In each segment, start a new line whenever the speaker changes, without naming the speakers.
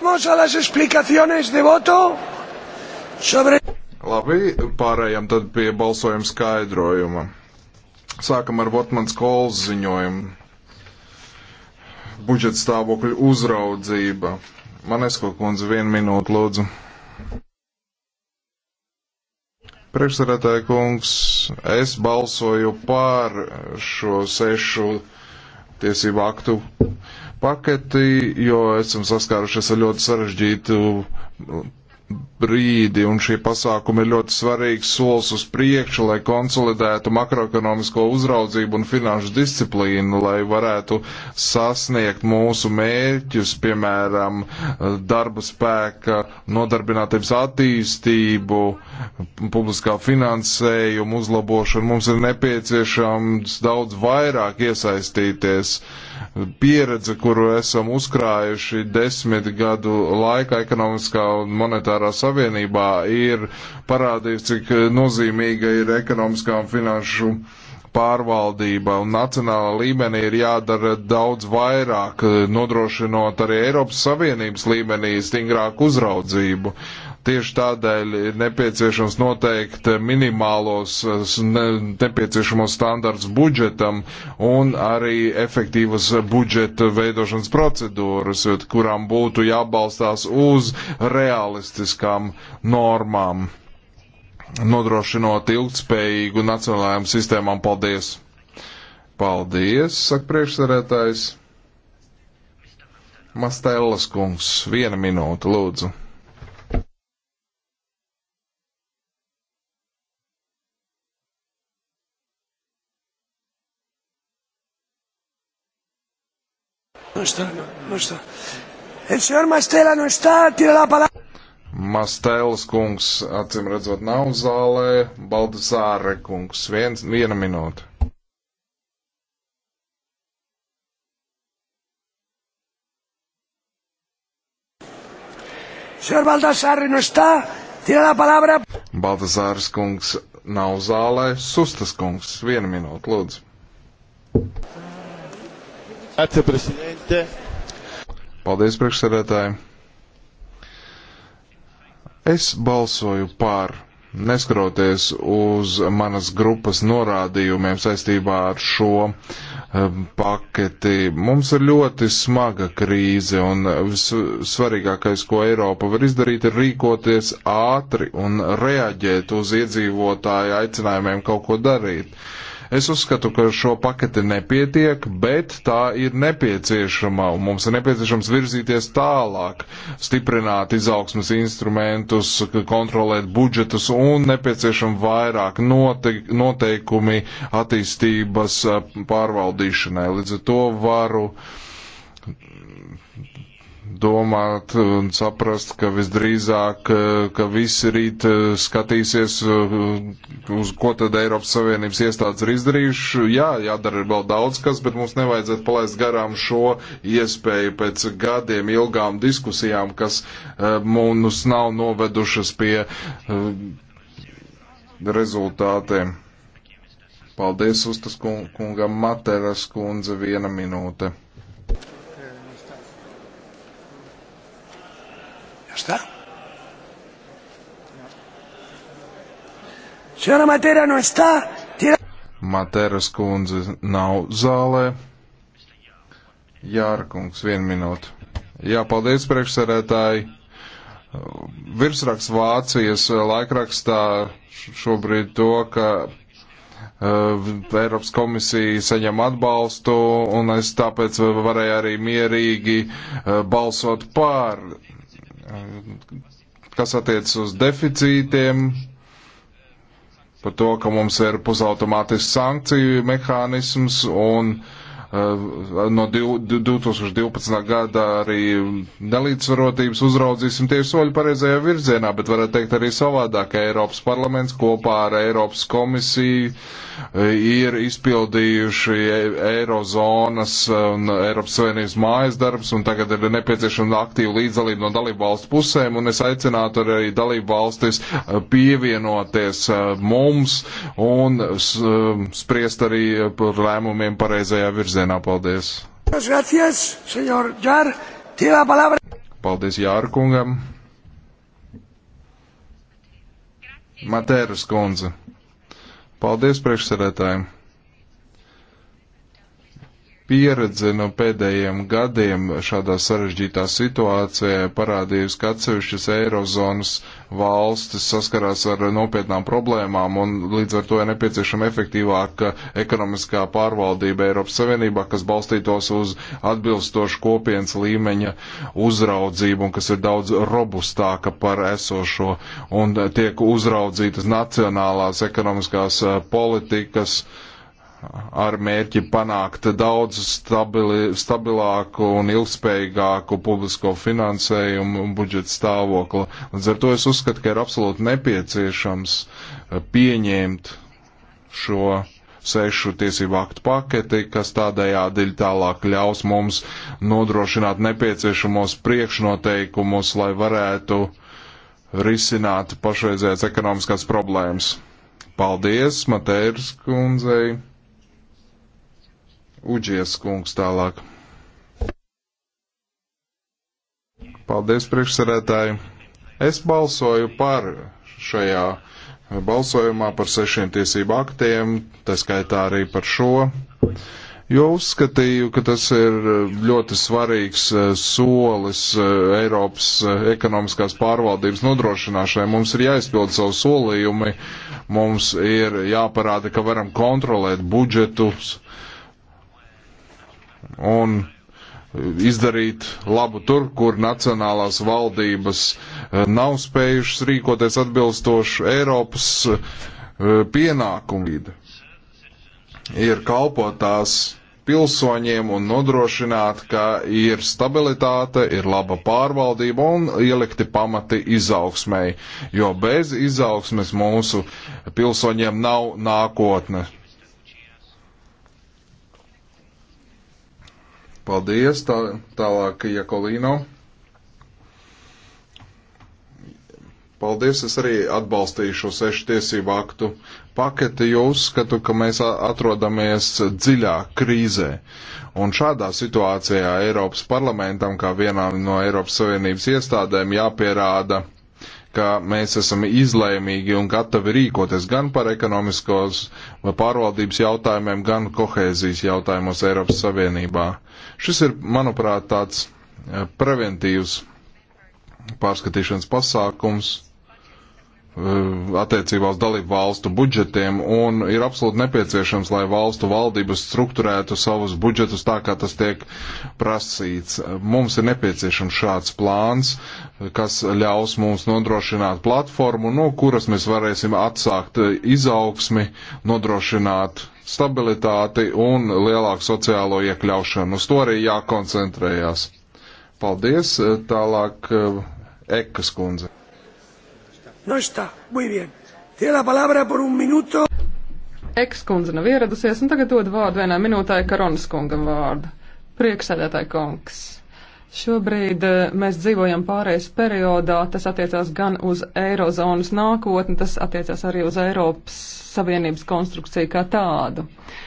Vamos a las explicaciones de voto
sobre. Labi, pārējām tad pie balsojuma skaidrojuma. Sākam ar Votmans Kols ziņojumu. Budžeta stāvokļa uzraudzība. Manesko kundze, vienu minūtu lūdzu. Priekšsarētāja kungs, es balsoju pār šo sešu tiesību aktu. Uh, paketi, jo esam saskārušies ar ļoti sarežģītu brīdi, un šie pasākumi ir ļoti svarīgs solis uz priekšu, lai konsolidētu makroekonomisko uzraudzību un finanšu disciplīnu, lai varētu sasniegt mūsu mērķus, piemēram, darba spēka nodarbinātības attīstību, publiskā finansējuma uzlabošanu. Mums ir nepieciešams daudz vairāk iesaistīties uh, pieredze, kuru esam uzkrājuši desmit gadu laikā ekonomiskā un monetārā savienībā, ir parādījusi, cik nozīmīga ir ekonomiskā un finanšu pārvaldība. Un nacionālā līmenī ir jādara daudz vairāk, nodrošinot arī Eiropas Savienības līmenī stingrāku uzraudzību. Uh, Tieši tādēļ ir nepieciešams noteikt minimālos nepieciešamos standarts budžetam un arī efektīvas budžeta veidošanas procedūras, kurām būtu jābalstās uz realistiskām normām, nodrošinot ilgtspējīgu nacionālajām sistēmām. Paldies! Paldies, saka priekšsarētājs. Mastēlas kungs, viena minūte, lūdzu. No está, no está. El señor Mastela no está, tiene la palabra. Mastēlis kungs, acīm redzot, nav zālē, Baldasāre kungs, viens, viena minūte. Señor Baldasāre no está, tiene la palabra. Baldasāres kungs nav zālē, Sustas kungs, viena minūte, lūdzu. Grazie,
prezidente.
Paldies, priekšsēdētāji. Es balsoju pār, neskaroties uz manas grupas norādījumiem saistībā ar šo eh, paketi. Mums ir ļoti smaga krīze, un eh, svarīgākais, ko Eiropa var izdarīt, ir rīkoties ātri un reaģēt uz iedzīvotāju aicinājumiem kaut ko darīt. Es uzskatu, ka šo paketi nepietiek, bet tā ir nepieciešama un mums ir nepieciešams virzīties tālāk, stiprināt izaugsmas instrumentus, kontrolēt budžetus un nepieciešama vairāk note noteikumi attīstības eh, pārvaldīšanai. Līdz ar to varu domāt un saprast, ka visdrīzāk, ka visi rīt eh, skatīsies, eh, uz ko tad Eiropas Savienības iestādes ir izdarījuši. Jā, jādara vēl daudz kas, bet mums nevajadzētu palaist garām šo iespēju pēc gadiem ilgām diskusijām, kas eh, mums nav novedušas pie rezultātiem. Paldies, Ustas kungam, Materas kundze, viena minūte. está. Señora Matera no está. Tiene... Materas kundze nav zālē. Jārkungs, vienu minūtu. Jā, paldies priekšsarētāji. Virsraksts Vācijas laikrakstā šobrīd to, ka uh, Eiropas komisija saņem atbalstu, un es tāpēc varēju arī mierīgi uh, balsot pār kas attiec uz deficītiem, par to, ka mums ir pusautomātisks sankciju mehānisms un uh, Eh, no 2012. gada arī nelīdzsvarotības uzraudzīsim tieši soļu pareizajā virzienā, bet varētu teikt arī savādāk, ka Eiropas parlaments kopā ar Eiropas komisiju eh, ir izpildījuši e, Eirozonas un Eiropas Savienības mājas darbs, un tagad ir nepieciešama aktīva līdzdalība no dalību valstu pusēm, un es aicinātu arī dalību valstis eh, pievienoties mums un spriest arī par lēmumiem pareizajā virzienā. Ukrainā.
Paldies!
Paldies Jārkungam! Matēras kundze. Paldies priekšsēdētājiem! pieredze no pēdējiem gadiem šādā sarežģītā situācijā parādījusi, ka atsevišķas Eirozonas valstis saskarās ar nopietnām problēmām un līdz ar to ir nepieciešama efektīvāka ekonomiskā pārvaldība Eiropas Savienībā, kas balstītos uz atbilstošu kopienas līmeņa uzraudzību un kas ir daudz robustāka par esošo un tiek uzraudzītas nacionālās ekonomiskās eh, politikas. Uh, ar mērķi panākt daudz stabili, stabilāku un ilgspējīgāku publisko finansējumu un budžeta stāvokli. Līdz ar to es uzskatu, ka ir absolūti nepieciešams eh, pieņemt šo sešu tiesību aktu paketi, kas tādējādi tālāk ļaus mums nodrošināt nepieciešamos priekšnoteikumus, lai varētu risināt pašreizējās ekonomiskās problēmas. Paldies, Matērs kundzei! Uģies kungs tālāk. Paldies, priekšsarētāji. Es balsoju par šajā balsojumā par sešiem tiesību aktiem, tā skaitā arī par šo, jo uzskatīju, ka tas ir ļoti svarīgs eh, solis eh, Eiropas eh, ekonomiskās pārvaldības nodrošināšanai. Mums ir jāizpild savu solījumi, mums ir jāparāda, ka varam kontrolēt budžetus un eh, izdarīt labu tur, kur nacionālās valdības eh, nav spējušas rīkoties atbilstoši Eiropas eh, pienākumu. Ir kalpot tās pilsoņiem un nodrošināt, ka ir stabilitāte, ir laba pārvaldība un ielikti pamati izaugsmēji, jo bez izaugsmes mūsu pilsoņiem nav nākotne. Paldies, tā, tālāk Jakolīno. Paldies, es arī atbalstīju šo sešu tiesību aktu paketi, jo uzskatu, ka mēs atrodamies dziļā krīzē. Un šādā situācijā Eiropas parlamentam, kā vienām no Eiropas Savienības iestādēm, jāpierāda ka mēs esam izlēmīgi un gatavi rīkoties gan par ekonomiskos vai pārvaldības jautājumiem, gan kohēzijas jautājumos Eiropas Savienībā. Šis ir, manuprāt, tāds eh, preventīvs pārskatīšanas pasākums, Uh, attiecībā uz dalību valstu budžetiem, un ir absolūti nepieciešams, lai valstu valdības struktūrētu savus budžetus tā, kā tas tiek prasīts. Mums ir nepieciešams šāds plāns, kas ļaus mums nodrošināt platformu, no kuras mēs varēsim atsākt izaugsmi, nodrošināt stabilitāti un lielāku sociālo iekļaušanu. Uz to arī jākoncentrējās. Paldies, tālāk uh, Ekas kundze.
No está. Muy bien. Tiene la palabra por un minuto. Ekskundze nav ieradusies, un tagad dod vārdu vienā minūtē Karonas kungam vārdu. Priekšsēdētāji kungs. Šobrīd eh, mēs dzīvojam pārējais periodā, tas attiecās gan uz Eirozonas nākotni, tas attiecās arī uz Eiropas Savienības konstrukciju kā tādu. Uh,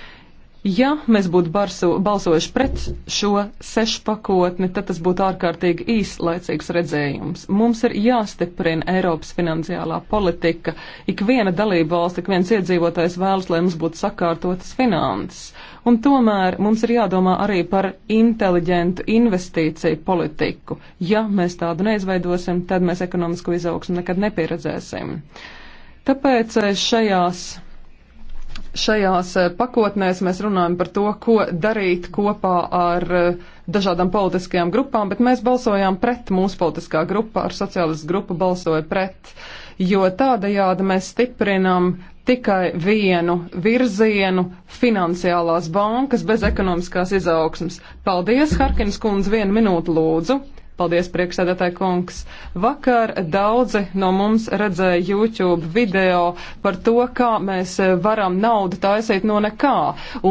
Ja mēs būtu barso, balsojuši pret šo sešpakotni, tad tas būtu ārkārtīgi īslaicīgs redzējums. Mums ir jāstiprina Eiropas finansiālā politika. Ikviena dalība valsts, ik viens iedzīvotājs vēlas, lai mums būtu sakārtotas finanses. Un tomēr mums ir jādomā arī par inteliģentu investīciju politiku. Ja mēs tādu neizveidosim, tad mēs ekonomisko izaugsmu nekad nepieredzēsim. Tāpēc eh, šajās šajās eh, pakotnēs mēs runājam par to, ko darīt kopā ar eh, dažādām politiskajām grupām, bet mēs balsojām pret mūsu politiskā grupa, ar sociālistu grupu balsoja pret, jo tādajādi mēs stiprinam tikai vienu virzienu finansiālās bankas bez ekonomiskās izaugsmas. Paldies, Harkins kundze, vienu minūtu lūdzu. Paldies, priekšsēdētāji kungs. Vakar daudzi no mums redzēja YouTube video par to, kā mēs varam naudu taisīt no nekā.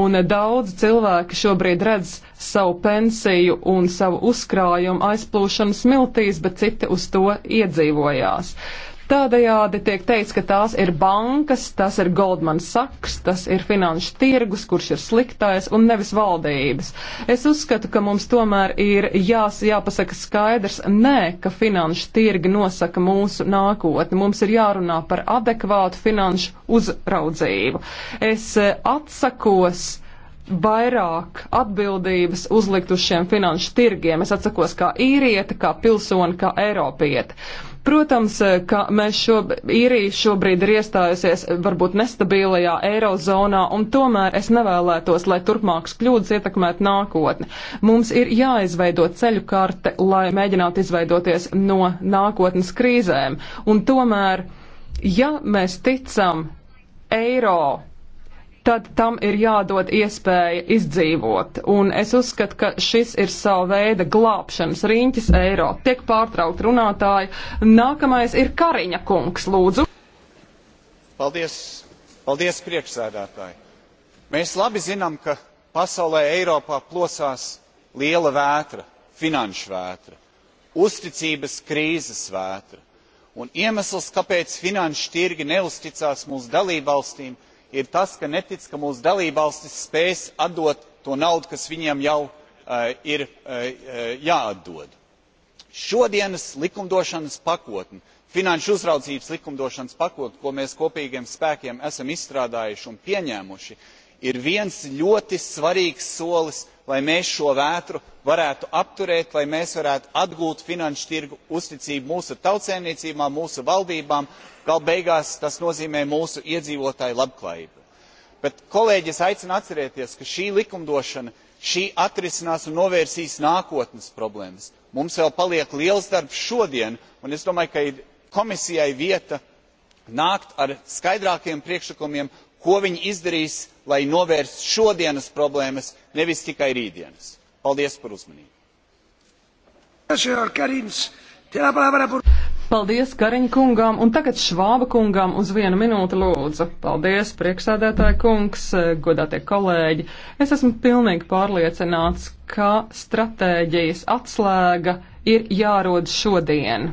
Un daudzi cilvēki šobrīd redz savu pensiju un savu uzkrājumu aizplūšanu smiltīs, bet citi uz to iedzīvojās. Tādējādi tiek teikts, ka tās ir bankas, tas ir Goldman Sachs, tas ir finanšu tirgus, kurš ir sliktais un nevis valdības. Es uzskatu, ka mums tomēr ir jās, jāpasaka skaidrs, nē, ka finanšu tirgi nosaka mūsu nākotni. Mums ir jārunā par adekvātu finanšu uzraudzību. Es e, atsakos vairāk atbildības uzlikt uz šiem finanšu tirgiem. Es atsakos kā īrieta, kā pilsoni, kā eiropieta. Protams, eh, ka mēs šobrīd, īrija šobrīd ir iestājusies varbūt nestabilajā eirozonā, un tomēr es nevēlētos, lai turpmākas kļūdas ietekmētu nākotni. Mums ir jāizveido ceļu karte, lai mēģinātu izveidoties no nākotnes krīzēm. Un tomēr, ja mēs ticam eiro tad tam ir jādod iespēja izdzīvot. Un es uzskatu, ka šis ir sava veida glābšanas riņķis eiro. Tiek pārtraukt runātāji. Nākamais ir Kariņa kungs, lūdzu.
Paldies, paldies priekšsēdētāji. Mēs labi zinām, ka pasaulē Eiropā plosās liela vētra, finanšu vētra, uzticības krīzes vētra. Un iemesls, kāpēc finanšu tirgi neusticās mūsu dalībvalstīm, ir tas ka netic ka mūsu dalībvalstis spēs atdot to naudu kas viņām jau eh, ir eh, eh, jāatdod. šodienas likumdošanas pakotne finanšu uzraudzības likumdošanas pakotne ko mēs kopīgiem spēkiem esam izstrādājuši un pieņēmuši ir viens ļoti svarīgs solis lai mēs šo vētru varētu apturēt lai mēs varētu atgūt finanšu tirgu uzticību mūsu tautsēmniecībām mūsu valdībām gala beigās tas nozīmē mūsu iedzīvotāju labklājību. bet kolēģi es aicinu atcerēties ka šī likumdošana atrisinās un novērsīs nākotnes problēmas. mums vēl paliek liels darbs šodien un es domāju ka ir komisijai vieta nākt ar skaidrākiem priekšlikumiem ko viņi izdarīs lai novērstu šodienas problēmas nevis tikai rītdienas. paldies par uzmanību!
Paldies Kariņa kungām un tagad Švāba kungām uz vienu minūti lūdzu. Paldies, priekšsēdētāja kungs, godātie kolēģi. Es esmu pilnīgi pārliecināts, ka stratēģijas atslēga ir jārod šodien.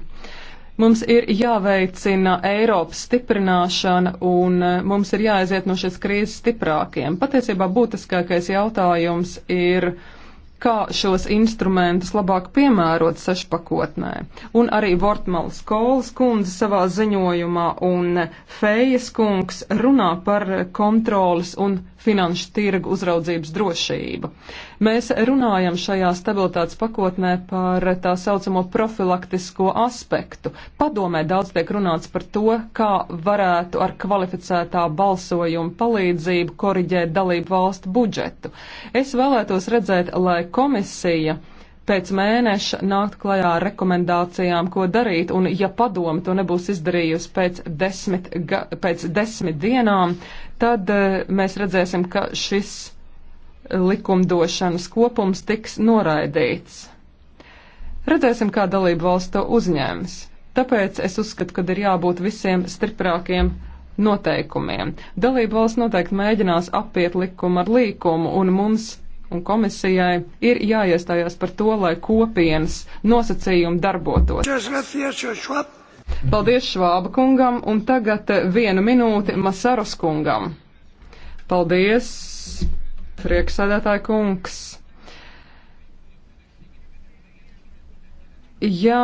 Mums ir jāveicina Eiropas stiprināšana un eh, mums ir jāaiziet no šīs krīzes stiprākiem. Patiesībā būtiskākais jautājums ir, kā šos instrumentus labāk piemērot sešpakotnē. Un arī Vortmals Kols kundze savā ziņojumā un Fejas kungs runā par kontrolas un finanšu tirgu uzraudzības drošību. Mēs runājam šajā stabilitātes pakotnē par tā saucamo profilaktisko aspektu. Padomē daudz tiek runāts par to, kā varētu ar kvalificētā balsojuma palīdzību koriģēt dalību valstu budžetu. Es vēlētos redzēt, lai komisija pēc mēneša nākt klajā ar rekomendācijām, ko darīt, un ja padomu to nebūs izdarījusi pēc desmit, ga, pēc desmit dienām, tad uh, mēs redzēsim, ka šis likumdošanas kopums tiks noraidīts. Redzēsim, kā dalību valsts to uzņēmis. Tāpēc es uzskatu, ka ir jābūt visiem stiprākiem noteikumiem. Dalību valsts noteikti mēģinās apiet likumu ar līkumu, un mums un komisijai ir jāiestājās par to, lai kopienas nosacījumi darbotos. Paldies Švāba kungam, un tagad vienu minūti Masaros kungam. Paldies! priekšsēdētāja kungs. Ja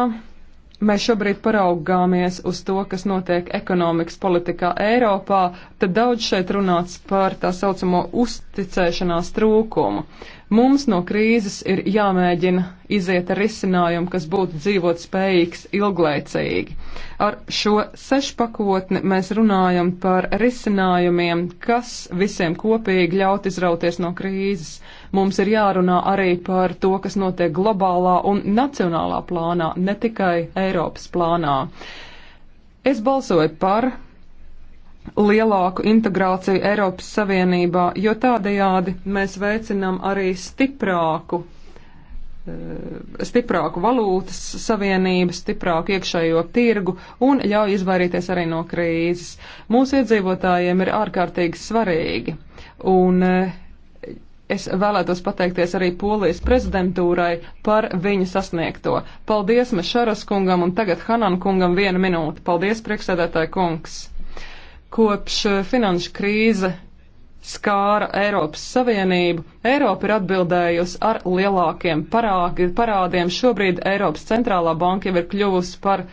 mēs šobrīd paraugāmies uz to, kas notiek ekonomikas politikā Eiropā, tad daudz šeit runāts par tā saucamo uzticēšanās trūkumu. Mums no krīzes ir jāmēģina iziet ar risinājumu, kas būtu dzīvot spējīgs ilglaicīgi. Ar šo sešpakotni mēs runājam par risinājumiem, kas visiem kopīgi ļaut izrauties no krīzes. Mums ir jārunā arī par to, kas notiek globālā un nacionālā plānā, ne tikai Eiropas plānā. Es balsoju par lielāku integrāciju Eiropas Savienībā, jo tādējādi mēs veicinām arī stiprāku, eh, stiprāku valūtas savienību, stiprāku iekšējo tirgu un ļauj izvairīties arī no krīzes. Mūsu iedzīvotājiem ir ārkārtīgi svarīgi. Un, eh, Es vēlētos pateikties arī Polijas prezidentūrai par viņu sasniegto. Paldies Mešaras kungam un tagad Hanan kungam vienu minūti. Paldies, priekšsēdētāji kungs! Kopš eh, finanšu krīze skāra Eiropas Savienību, Eiropa ir atbildējusi ar lielākiem parāgi, parādiem. Šobrīd Eiropas centrālā banka jau ir kļuvusi par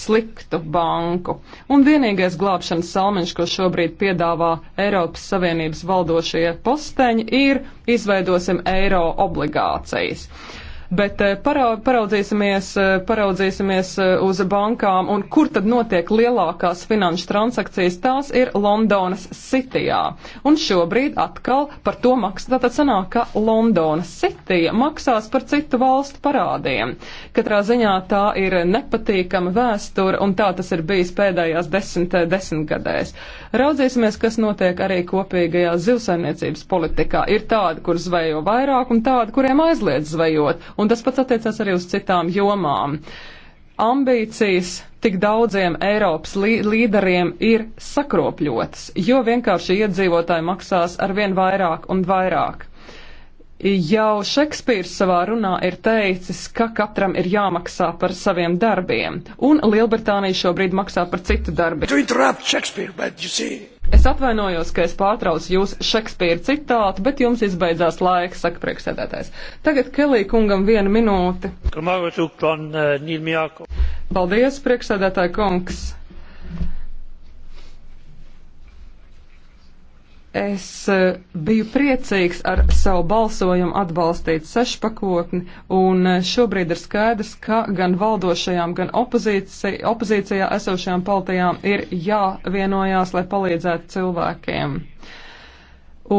sliktu banku. Un vienīgais glābšanas salmiņš, ko šobrīd piedāvā Eiropas Savienības valdošie posteņi, ir izveidosim eiro obligācijas. Uh, bet eh, paraudzīsimies, eh, paraudzīsimies eh, uz bankām un kur tad notiek lielākās finanšu transakcijas, tās ir Londonas Cityjā. Un šobrīd atkal par to maksā, tātad sanāk, ka Londonas City maksās par citu valstu parādiem. Katrā ziņā tā ir nepatīkama vēsture un tā tas ir bijis pēdējās desmit, desmit gadēs. Raudzīsimies, kas notiek arī kopīgajā zivsaimniecības politikā. Ir tādi, kur zvejo vairāk un tādi, kuriem aizliedz zvejot, un tas pats attiecas arī uz citām jomām. Ambīcijas tik daudziem Eiropas lī līderiem ir sakropļotas, jo vienkārši iedzīvotāji maksās ar vien vairāk un vairāk. Jau Šekspīrs savā runā ir teicis, ka katram ir jāmaksā par saviem darbiem, un Lielbritānija šobrīd maksā par citu darbu. Es atvainojos, ka es pārtraucu jūs Šekspīra citātu, bet jums izbeidzās laiks, saka priekšsēdētājs. Tagad Kelī kungam vienu minūti. Uh, Paldies, priekšsēdētāja kungs. Es e, biju priecīgs ar savu balsojumu atbalstīt sešpakotni, un e, šobrīd ir skaidrs, ka gan valdošajām, gan opozīcija, opozīcijā esošajām partijām ir jāvienojās, lai palīdzētu cilvēkiem.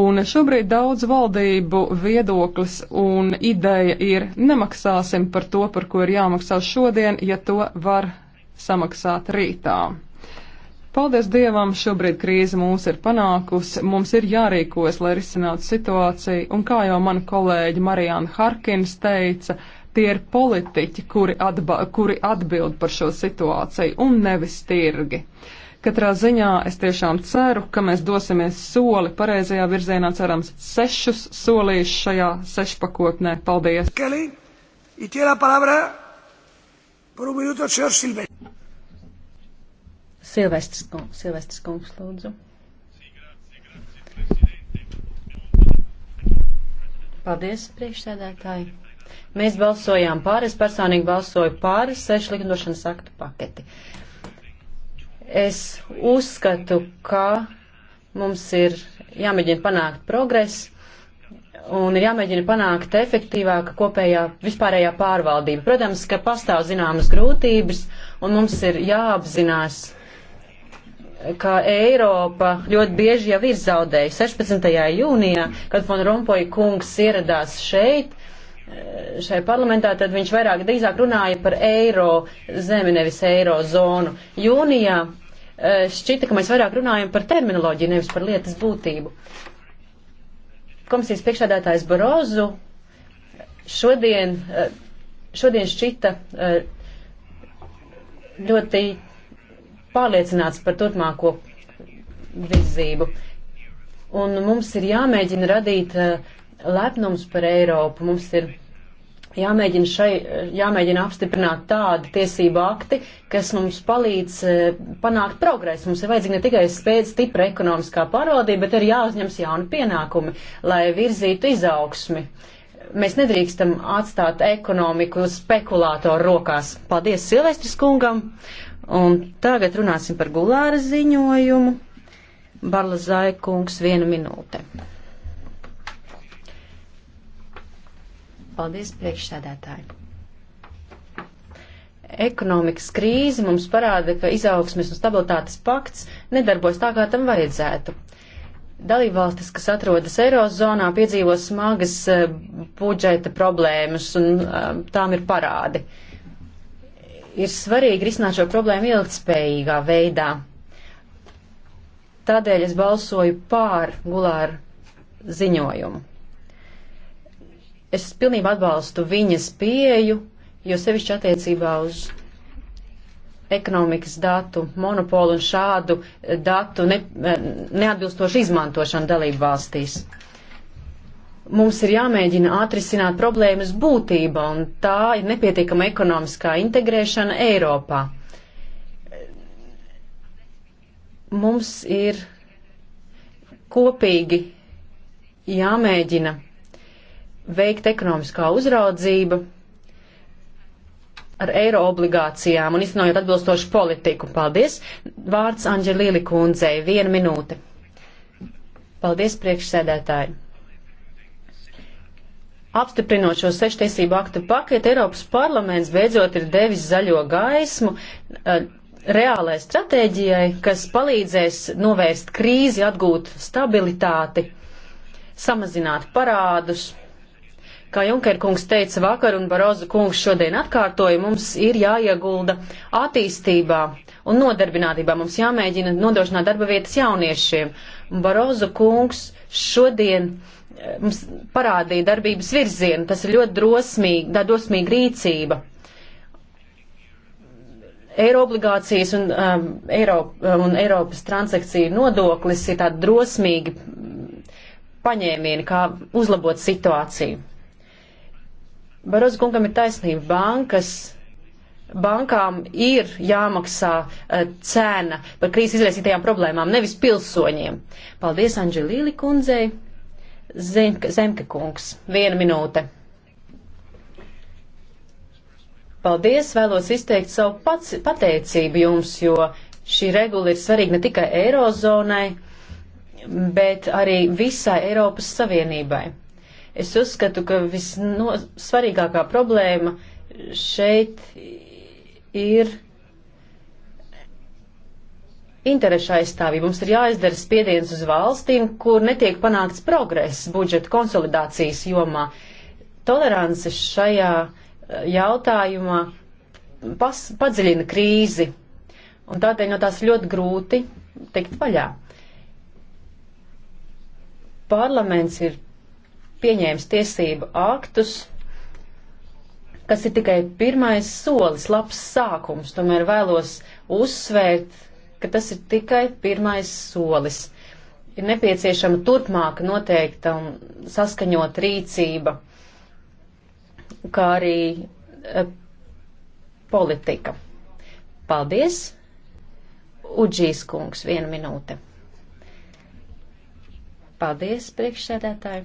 Un šobrīd daudz valdību viedoklis un ideja ir nemaksāsim par to, par ko ir jāmaksā šodien, ja to var samaksāt rītā. Paldies Dievam, šobrīd krīze mūs ir panākusi, mums ir jārīkojas, lai risinātu situāciju, un kā jau mana kolēģa Marijāna Harkins teica, tie ir politiķi, kuri, atba, kuri atbild par šo situāciju, un nevis tirgi. Katrā ziņā es tiešām ceru, ka mēs dosimies soli pareizajā virzienā, cerams, sešus solīšus šajā sešpakotnē. Paldies! Kelly, Silvestris
kungs, Silvestris kungs, lūdzu. Paldies, priekšsēdētāji. Mēs balsojām pār, es personīgi balsoju pār sešu likumdošanas aktu paketi. Es uzskatu, ka mums ir jāmēģina panākt progresu un ir jāmēģina panākt efektīvāka kopējā vispārējā pārvaldība. Protams, ka pastāv zināmas grūtības un mums ir jāapzinās ka Eiropa ļoti bieži jau ir zaudējusi. 16. jūnijā, kad Fon Rompoja kungs ieradās šeit, eh, šai parlamentā, tad viņš vairāk drīzāk runāja par eiro zemi, nevis eiro zonu. Jūnijā eh, šķita, ka mēs vairāk runājam par terminoloģiju, nevis par lietas būtību. Komisijas priekšādātājs Barozu šodien, eh, šodien šķita ļoti pārliecināts par turpmāko virzību. Un mums ir jāmēģina radīt eh, lepnums par Eiropu. Mums ir jāmēģina, šai, eh, jāmēģina apstiprināt tādi tiesību akti, kas mums palīdz eh, panākt progresu. Mums ir vajadzīga ne tikai spēc stipra ekonomiskā pārvaldība, bet ir jāuzņems jauni pienākumi, lai virzītu izaugsmi. Mēs nedrīkstam atstāt ekonomiku spekulātoru rokās. Paldies Silvestris kungam! Un tagad runāsim par Gulāra ziņojumu. Barla Zaikungs, viena minūte. Paldies, priekšsēdētāji. Ekonomikas krīze mums parāda, ka izaugsmes un stabilitātes pakts nedarbojas tā, kā tam vajadzētu. Dalībvalstis, kas atrodas Eirozonā, piedzīvo smagas eh, budžeta problēmas un eh, tām ir parādi. Uh, ir svarīgi risināt šo problēmu ilgtspējīgā veidā. Tādēļ es balsoju pār Gulāru ziņojumu. Es pilnībā atbalstu viņas pieju, jo sevišķi attiecībā uz ekonomikas datu monopolu un šādu datu ne, neatbilstošu izmantošanu dalību valstīs. Mums ir jāmēģina atrisināt problēmas būtība, un tā ir nepietiekama ekonomiskā integrēšana Eiropā. Mums ir kopīgi jāmēģina veikt ekonomiskā uzraudzība ar eiro obligācijām un iznojot atbilstošu politiku. Paldies! Vārds Anģelīli kundzei. Viena minūte. Paldies, priekšsēdētāji! Apstiprinot šo sešu tiesību aktu paketu, Eiropas parlaments beidzot ir devis zaļo gaismu uh, reālai stratēģijai, kas palīdzēs novērst krīzi, atgūt stabilitāti, samazināt parādus. Kā Junker kungs teica vakar un Barozu kungs šodien atkārtoja, mums ir jāiegulda attīstībā un nodarbinātībā. Mums jāmēģina nodrošināt darba vietas jauniešiem. Barozu kungs šodien uh, mums parādīja darbības virzienu. Tas ir ļoti drosmīgi, tā drosmīga rīcība. Eiro obligācijas un, um, Eiro, un Eiropas transakciju nodoklis ir tādi drosmīgi paņēmieni, kā uzlabot situāciju. Barozu kungam ir taisnība. Bankas, bankām ir jāmaksā uh, cena par krīzes izraisītajām problēmām, nevis pilsoņiem. Paldies Anģelīli kundzei. Zemke, Zemke kungs, viena minūte. Paldies, vēlos izteikt savu pats, pateicību jums, jo šī regula ir svarīga ne tikai Eirozonai, bet arī visai Eiropas Savienībai. Es uzskatu, ka visvarīgākā problēma šeit ir interešu aizstāvību. Mums ir jāizdara spiediens uz valstīm, kur netiek panākts progress budžeta konsolidācijas jomā. Tolerance šajā eh, jautājumā pas, padziļina krīzi, un tādēļ no tās ļoti grūti tikt vaļā. Parlaments ir pieņēmis tiesību aktus, kas ir tikai pirmais solis, labs sākums. Tomēr vēlos uzsvērt, ka tas ir tikai pirmais solis. Ir nepieciešama turpmāka noteikta un saskaņot rīcība, kā arī e, politika. Paldies! Uģīs kungs, viena minūte. Paldies, priekšsēdētāji!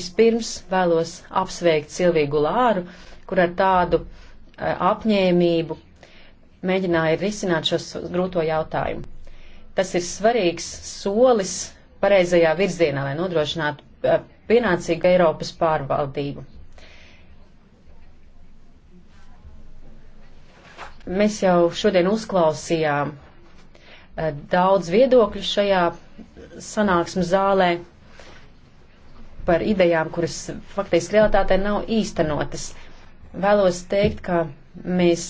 Vispirms vēlos apsveikt Silviju Gulāru, kur ar tādu e, apņēmību mēģināja risināt šo grūto jautājumu. Tas ir svarīgs solis pareizajā virzienā, lai nodrošinātu eh, pienācīgu Eiropas pārvaldību. Mēs jau šodien uzklausījām eh, daudz viedokļu šajā sanāksmes zālē par idejām, kuras faktiski realitātē nav īstenotas. Vēlos teikt, ka mēs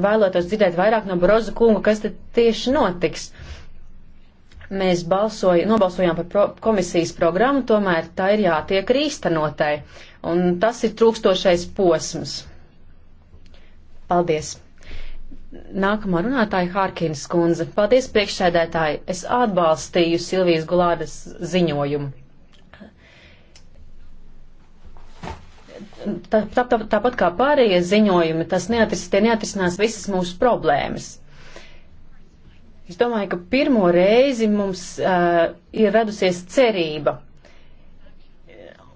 vēlētos dzirdēt vairāk no Broza kunga, kas tad tieši notiks. Mēs balsoja, nobalsojām par pro, komisijas programmu, tomēr tā ir jātiek arī īstenotai. Un tas ir trūkstošais posms. Paldies! Nākamā runātāja Hārkins kundze. Paldies priekšsēdētāji, es atbalstīju Silvijas Gulādas ziņojumu. tā, tā, tā, tāpat kā pārējie ziņojumi, tas neatris, tie neatrisinās visas mūsu problēmas. Es domāju, ka pirmo reizi mums uh, ir radusies cerība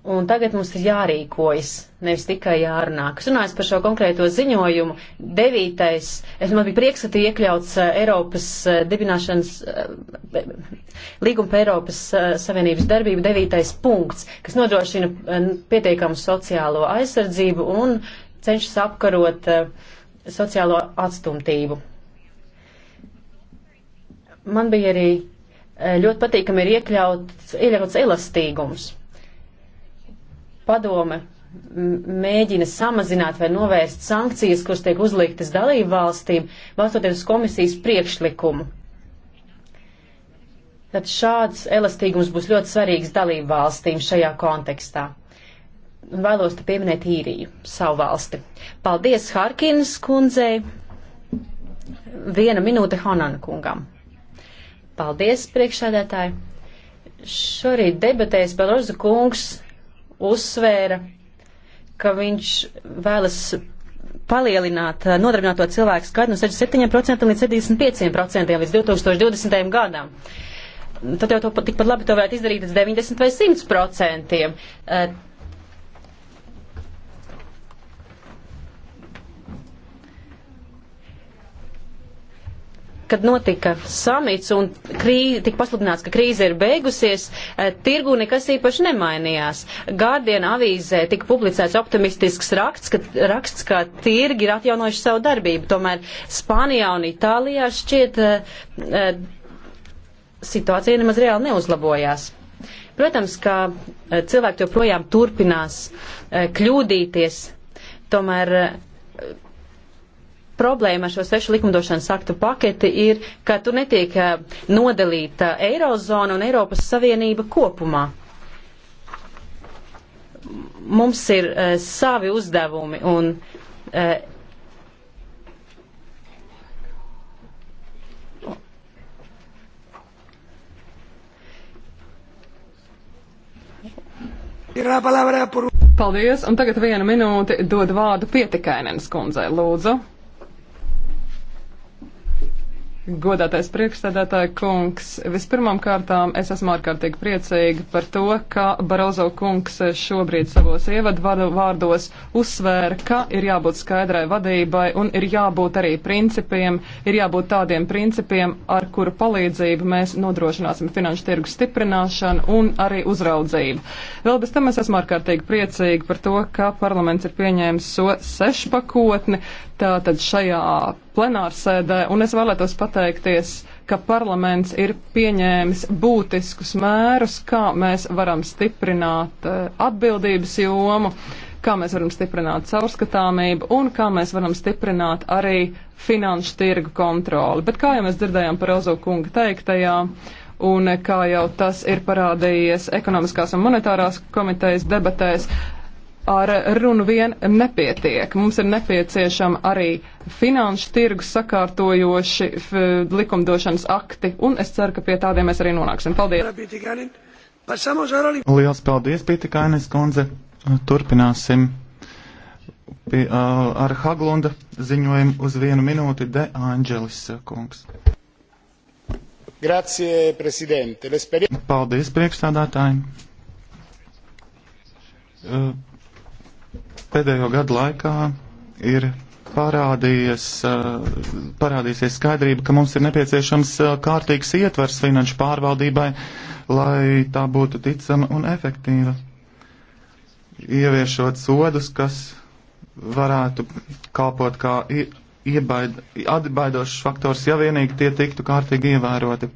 Un tagad mums ir jārīkojas, nevis tikai jārunā. Kas runājas par šo konkrēto ziņojumu, devītais, es man bija prieks, ka tie iekļauts eh, Eiropas eh, dibināšanas, eh, līguma par Eiropas Savienības darbību devītais punkts, kas nodrošina pietiekamu sociālo aizsardzību un cenšas apkarot sociālo atstumtību. Man bija arī ļoti patīkami ir iekļauts, iekļauts elastīgums padome mēģina samazināt vai novērst sankcijas, kuras tiek uzliktas dalību valstīm, balstoties uz komisijas priekšlikumu. Tad šāds elastīgums būs ļoti svarīgs dalību valstīm šajā kontekstā. Vēlos te pieminēt īriju, savu valsti. Paldies Harkinas kundzei. Viena minūte Hanana kungam. Paldies, priekšsēdētāji. Šorīt debatēs Beloza kungs uzsvēra, ka viņš vēlas palielināt eh, nodarbināto cilvēku skaitu no 67% līdz 75% līdz 2020. gadam. Tad jau to tikpat labi to varētu izdarīt līdz 90 vai 100%. kad notika samits un krīze, tika pasludināts, ka krīze ir beigusies, eh, tirgu nekas īpaši nemainījās. Gārdien avīzē tika publicēts optimistisks raksts, ka, raksts, ka tirgi ir atjaunojuši savu darbību. Tomēr Spānijā un Itālijā šķiet eh, eh, situācija nemaz reāli neuzlabojās. Protams, ka cilvēki joprojām turpinās kļūdīties, tomēr problēma ar šo sešu likumdošanas aktu paketi ir, ka tur netiek eh, nodalīta Eirozona un Eiropas Savienība kopumā. Mums ir uh, savi uzdevumi un uh,
Paldies, un tagad vienu minūti dod vārdu pietikainens kundzei, lūdzu. Godātais priekšstādātāja kungs, vispirmām kārtām es esmu ārkārtīgi priecīga par to, ka Barozo kungs šobrīd savos ievadvārdos uzsvēra, ka ir jābūt skaidrai vadībai un ir jābūt arī principiem, ir jābūt tādiem principiem, ar kuru palīdzību mēs nodrošināsim finanšu tirgu stiprināšanu un arī uzraudzību. Vēl bez tam es esmu ārkārtīgi priecīga par to, ka parlaments ir pieņēmis so sešpakotni, tātad šajā plenārsēdē, un es vēlētos pateikties, ka parlaments ir pieņēmis būtiskus mērus, kā mēs varam stiprināt eh, atbildības jomu, kā mēs varam stiprināt caurskatāmību un kā mēs varam stiprināt arī finanšu tirgu kontroli. Bet kā jau mēs dzirdējām par Ozo kunga teiktajā, un kā jau tas ir parādījies ekonomiskās un monetārās komitejas debatēs, ar runu vien nepietiek. Mums ir nepieciešama arī finanšu tirgus sakārtojoši likumdošanas akti, un es ceru, ka pie tādiem mēs arī nonāksim. Paldies!
Lielas paldies, Pitikainis kundze! Turpināsim pie, uh, ar Haglunda ziņojumu uz vienu minūti De Angelis kungs.
Grazie, prezidente.
Paldies, priekšstādātāji! Uh, pēdējo gadu laikā ir parādījies, eh, parādīsies skaidrība, ka mums ir nepieciešams eh, kārtīgs ietvers finanšu pārvaldībai, lai tā būtu ticama un efektīva. Ieviešot sodus, kas varētu kalpot kā iebaid, atbaidošs faktors, ja vienīgi tie tiktu kārtīgi ievēroti.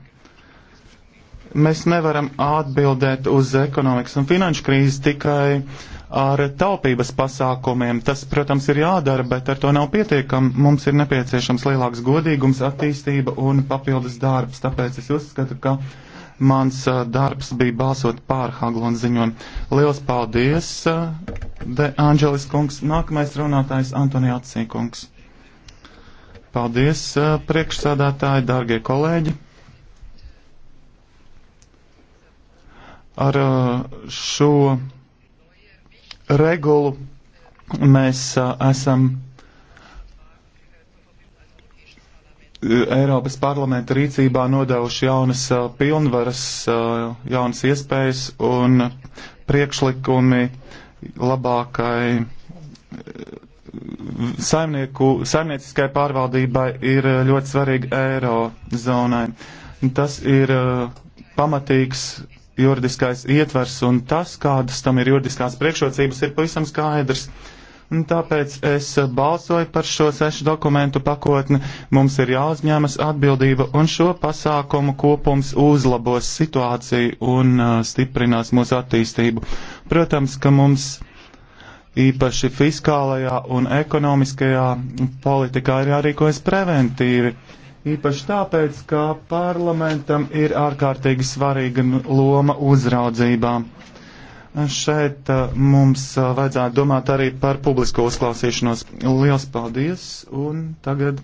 Mēs nevaram atbildēt uz ekonomikas un finanšu krīzi tikai ar taupības pasākumiem. Tas, protams, ir jādara, bet ar to nav pietiekami. Mums ir nepieciešams lielāks godīgums, attīstība un papildus darbs. Tāpēc es uzskatu, ka mans uh, darbs bija balsot pār Haglons ziņojumu. Liels paldies, uh, De Anģelis kungs. Nākamais runātājs Antoni Atsīkungs. Paldies, uh, priekšsādātāji, dārgie kolēģi. Ar uh, šo regulu mēs uh, esam uh, Eiropas parlamenta rīcībā nodevuši jaunas pilnvaras, jaunas iespējas un priekšlikumi labākai saimnieku, saimnieciskai pārvaldībai ir ļoti svarīgi eiro zonai. Tas ir pamatīgs juridiskais ietvers un tas, kādas tam ir juridiskās priekšrocības, ir pavisam skaidrs. Un tāpēc es balsoju par šo sešu dokumentu pakotni. Mums ir jāuzņemas atbildība un šo pasākumu kopums uzlabos situāciju un uh, stiprinās mūsu attīstību. Protams, ka mums īpaši fiskālajā un ekonomiskajā politikā ir jārīkojas preventīvi. Uh, Īpaši tāpēc, ka parlamentam ir ārkārtīgi svarīga loma uzraudzībā. Šeit uh, mums uh, vajadzētu domāt arī par publisko uzklausīšanos. Liels paldies! Un tagad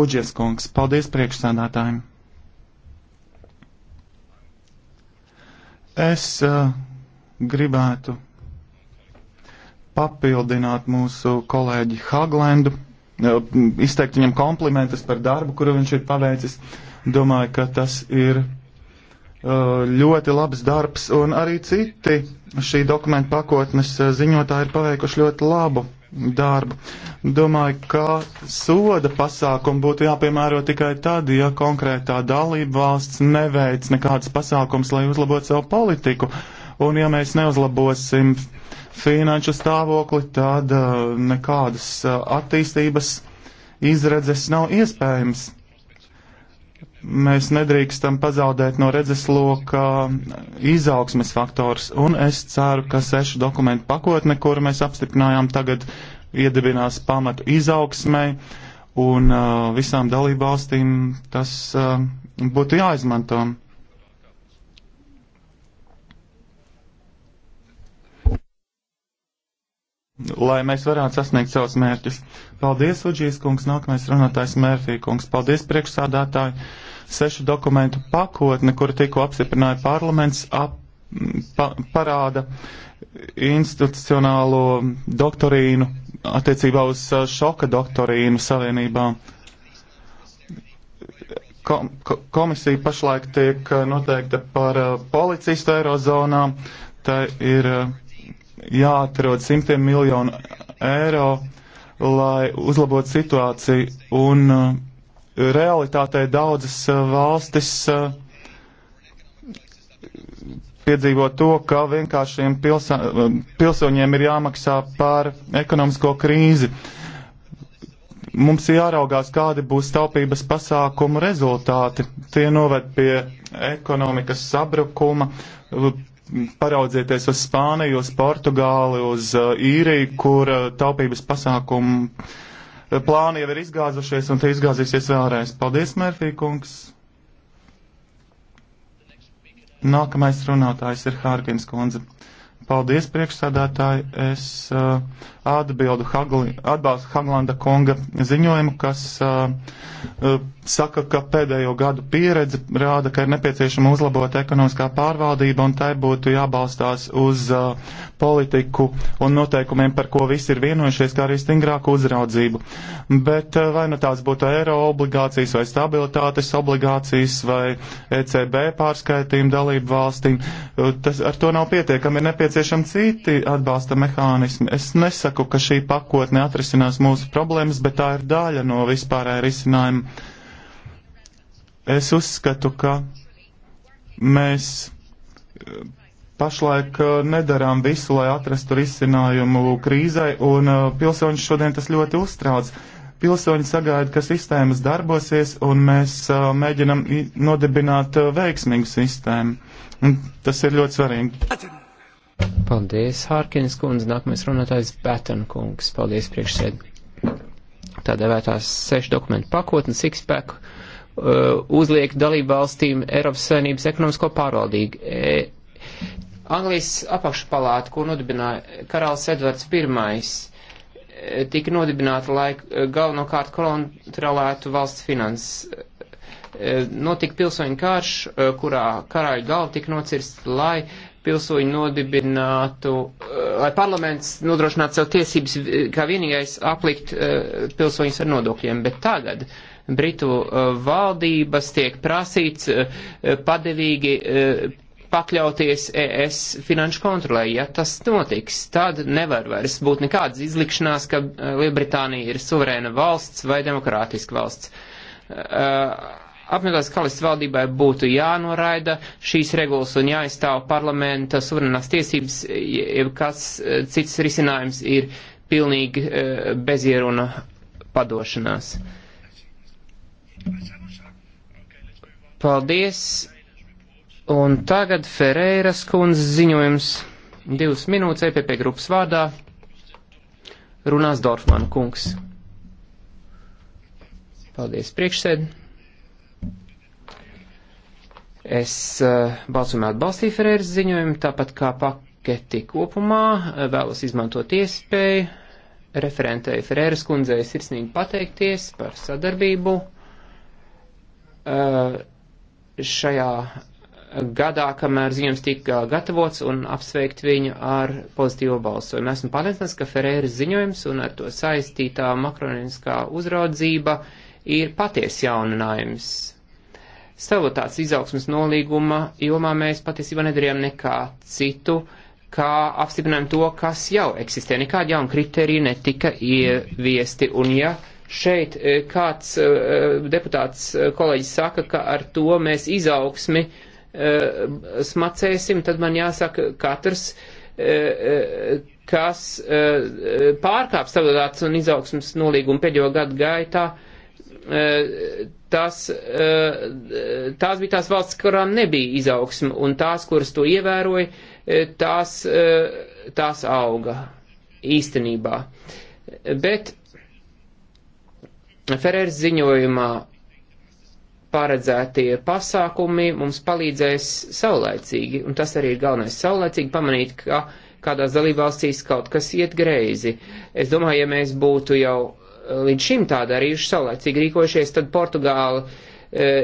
Uģies kungs, paldies priekšsādātājiem! Es uh, gribētu papildināt mūsu kolēģi Haglendu izteikt viņam komplimentus par darbu, kuru viņš ir paveicis. Domāju, ka tas ir ļoti labs darbs, un arī citi šī dokumenta pakotnes ziņotāji ir paveikuši ļoti labu darbu. Domāju, ka soda pasākumu būtu jāpiemēro tikai tad, ja konkrētā dalība valsts neveic nekādas pasākums, lai uzlabotu savu politiku. Uh, un ja mēs neuzlabosim finanšu stāvokli, tad uh, nekādas uh, attīstības izredzes nav iespējams. Mēs nedrīkstam pazaudēt no redzesloka izaugsmes faktors, un es ceru, ka sešu dokumentu pakotne, kuru mēs apstiprinājām, tagad iedibinās pamatu izaugsmai, un uh, visām dalībvalstīm tas uh, būtu jāizmanto. lai mēs varētu sasniegt savus mērķus. Paldies, Uģijas kungs, nākamais runātājs Mērfī kungs. Paldies, priekšsādātāji. Sešu dokumentu pakotne, kuru tikko apstiprināja parlaments, ap, pa, parāda institucionālo doktorīnu attiecībā uz uh, šoka doktorīnu savienībā. Kom, komisija pašlaik tiek uh, noteikta par uh, policistu Eirozonā. Tā ir uh, jāatrod simtiem miljonu eiro, lai uzlabotu situāciju. Un uh, realitātei daudzas uh, valstis uh, piedzīvo to, ka vienkāršiem pilsa, uh, pilsoņiem ir jāmaksā par ekonomisko krīzi. Mums ir jāraugās, kādi būs taupības pasākumu rezultāti. Tie noved pie ekonomikas sabrukuma, paraudzieties uz Spāniju, uz Portugāli, uz uh, Īriju, kur uh, taupības pasākumu uh, plāni jau ir izgāzušies un te izgāzīsies vēlreiz. Paldies, Mērfī kungs! Nākamais runātājs ir Hārkins kundze. Paldies, priekšsādātāji. Es uh, atbildu Hagli, atbalstu Haglanda Konga ziņojumu, kas uh, uh, saka, ka pēdējo gadu pieredze rāda, ka ir nepieciešama uzlabota ekonomiskā pārvaldība un tai būtu jābalstās uz uh, politiku un noteikumiem, par ko visi ir vienojušies, kā arī stingrāku uzraudzību. Bet uh, vai nu tās būtu eiro obligācijas vai stabilitātes obligācijas vai ECB pārskaitījumu dalību valstīm, uh, tas, ar to nav pietiekami, ir nepieciešami citi atbalsta mehānismi. Es nesaku, nesaku, ka šī pakotne atrisinās mūsu problēmas, bet tā ir daļa no vispārēja risinājuma. Es uzskatu, ka mēs eh, pašlaik eh, nedarām visu, lai atrastu risinājumu krīzai, un eh, pilsoņus šodien tas ļoti uztrauc. Pilsoņi sagaida, ka sistēmas darbosies, un mēs mēģinam nodibināt veiksmīgu sistēmu. Un tas ir ļoti svarīgi. Paldies, Hārkins kundze. Nākamais runātājs Beten kungs. Paldies, priekšsēd.
Tā devētās sešu dokumentu pakotne, sixpack, uh, uzliek dalību valstīm Eiropas Savienības ekonomisko pārvaldību. E, Anglijas apakšpalāta, ko nodibināja karalis Edvards I, e, tika nodibināta, lai e, galvenokārt kontrolētu valsts finanses e, notika pilsoņu karš, e, kurā karāļu galva tika nocirst, lai pilsoņu nodibinātu, eh, lai parlaments nodrošinātu sev tiesības eh, kā vienīgais aplikt eh, pilsoņus ar nodokļiem. Bet tagad Britu valdības tiek prasīts padevīgi pakļauties ES finanšu kontrolē. Ja tas notiks, tad nevar vairs būt nekādas izlikšanās, ka Lielbritānija ir suverēna valsts vai demokrātiska valsts. Uh, Apvienotās karalists valdībai būtu jānoraida šīs regulas un jāizstāv parlamenta suverenās tiesības, ja kāds eh, cits risinājums ir pilnīgi eh, bezieruna padošanās. Paldies! Un tagad Ferēras kundzes ziņojums divas minūtes EPP grupas vārdā runās Dorfmanu kungs. Paldies priekšsēdē. Es eh, balsumā atbalstīju Ferēras ziņojumu, tāpat kā paketi kopumā, eh, vēlos izmantot iespēju referentei Ferēras kundzei sirsnīgi pateikties par sadarbību eh, šajā gadā, kamēr ziņojums tika gatavots un apsveikt viņu ar pozitīvo balsojumu. Esmu pārliecināts, ka Ferēras ziņojums un ar to saistītā makronēmiskā uzraudzība ir paties jauninājums Stabilitātes izaugsmas nolīguma jomā mēs patiesībā nedarījām nekā citu, kā apstiprinājām to, kas jau eksistē. Nekādi jauni kriteriji netika ieviesti. Un ja šeit eh, kāds eh, deputāts eh, kolēģis saka, ka ar to mēs izaugsmi smacēsim, tad man jāsaka katrs, kas pārkāp stabilitātes un izaugsmas nolīgumu pēdējo gadu gaitā, tas, eh, tās bija tās valsts, kurām nebija izaugsme, un tās, kuras to ievēroja, eh, tās, eh, tās auga īstenībā. Bet Ferērs ziņojumā paredzētie pasākumi mums palīdzēs saulēcīgi, un tas arī ir galvenais - saulēcīgi pamanīt, ka kādās dalībvalstīs kaut kas iet greizi. Es domāju, ja mēs būtu jau līdz šim tā darījuši, saulēcīgi rīkojušies, tad Portugāla, e,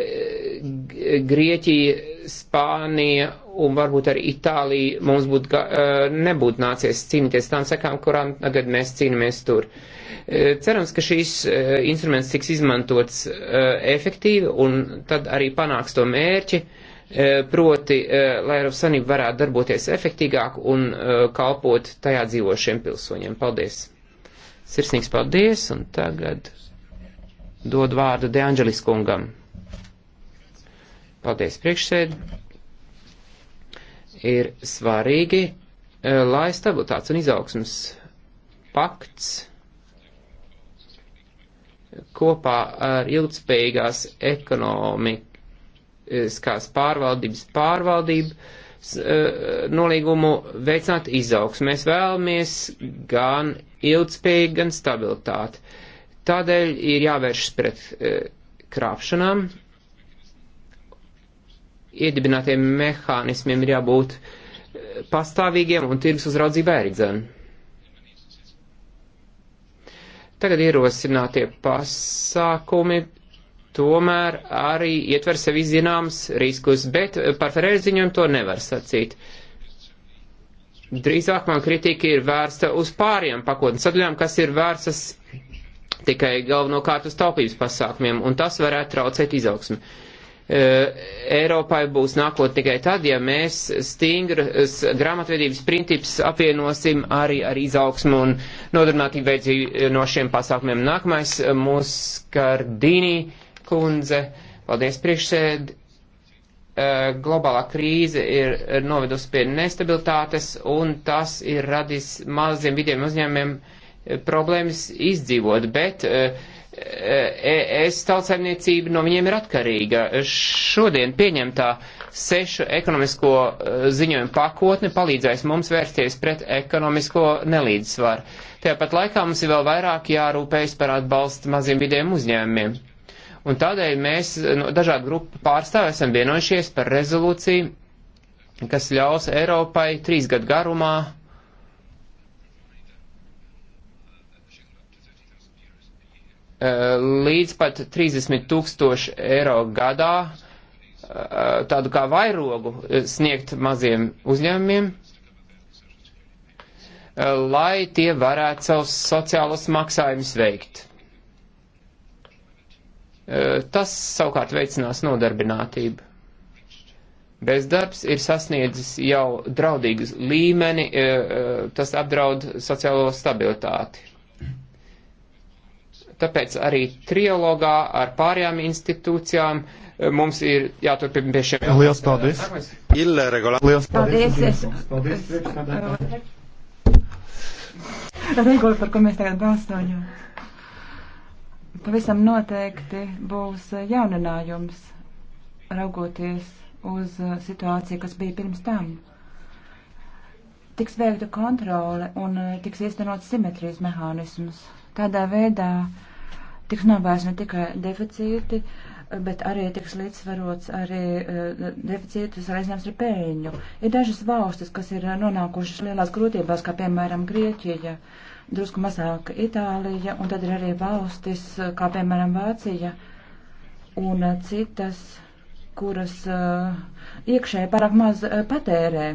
Grieķija, Spānija un varbūt arī Itālija mums būtu, e, nebūtu nācies cīnīties tām sekām, kurām tagad mēs cīnāmies tur. E, cerams, ka šīs instruments tiks izmantots efektīvi un tad arī panāks to mērķi, proti, lai Eiropas Sanība varētu darboties efektīgāk un kalpot tajā dzīvošiem pilsoņiem. Paldies! Sirsnīgs paldies, un tagad dod vārdu De Angelis kungam. Paldies, priekšsēd. Ir svarīgi, e, lai stabilitātes un izaugsmas pakts kopā ar ilgspējīgās ekonomiskās pārvaldības pārvaldību e, nolīgumu veicināt izaugsmu. Mēs vēlamies gan ilgspēju, gan stabilitāti. Tādēļ ir jāvēršas pret e, krāpšanām, iedibinātiem mehānismiem ir jābūt e, pastāvīgiem un tirgus uzraudzībai arī dzen. Tagad ierosinātie pasākumi tomēr arī ietver sevi zināms riskus, bet par Ferēru ziņojumu to nevar sacīt. Uh, Drīzāk man kritika ir vērsta uz pāriem pakotnes sadaļām, kas ir vērstas tikai galvenokārt uz taupības pasākumiem, un tas varētu traucēt izaugsmi. E, Eiropai būs nākot tikai tad, ja mēs stingras grāmatvedības principus apvienosim arī ar izaugsmu un nodarbinātību veidzību no šiem pasākumiem. Nākamais e, mūs Kardīnī kundze. Paldies priekšsēdi Eh, globālā krīze ir novedusi pie nestabilitātes, un tas ir radis maziem vidiem uzņēmiem eh, problēmas izdzīvot, bet eh, es tautsēmniecība no viņiem ir atkarīga. Šodien pieņemtā sešu ekonomisko ziņojumu pakotne palīdzēs mums vērsties pret ekonomisko nelīdzsvaru. Tāpat laikā mums ir vēl vairāk jārūpējas par atbalstu maziem vidiem uzņēmumiem Un tādēļ mēs no nu, dažādu grupu pārstāvi esam vienojušies par rezolūciju, kas ļaus Eiropai trīs gadu garumā līdz pat 30 tūkstoši eiro gadā tādu kā vairogu sniegt maziem uzņēmumiem, lai tie varētu savus sociālos maksājumus veikt. Tas savukārt veicinās nodarbinātību. Bezdarbs ir sasniedzis jau draudīgu līmeni, tas apdraud sociālo stabilitāti. Tāpēc arī trialogā ar pārējām institūcijām mums ir jāturpina pie šiem. Lielas paldies! Lielas paldies! paldies.
paldies. Regula, par ko mēs tagad balsojam. Pavisam noteikti būs eh, jauninājums raugoties uz eh, situāciju, kas bija pirms tam. Tiks veikta kontrole un eh, tiks īstenot simetrijas mehānismus. Tādā veidā tiks novērst ne tikai deficīti, bet arī tiks līdzsvarots arī deficīti salīdzināms ar pēļņu. Ir dažas valstis, kas ir nonākušas lielās grūtībās, kā piemēram Grieķija. Uh, drusku mazāk Itālija, un tad ir arī valstis, kā piemēram Vācija un citas, kuras eh, iekšēji pārāk maz eh, patērē.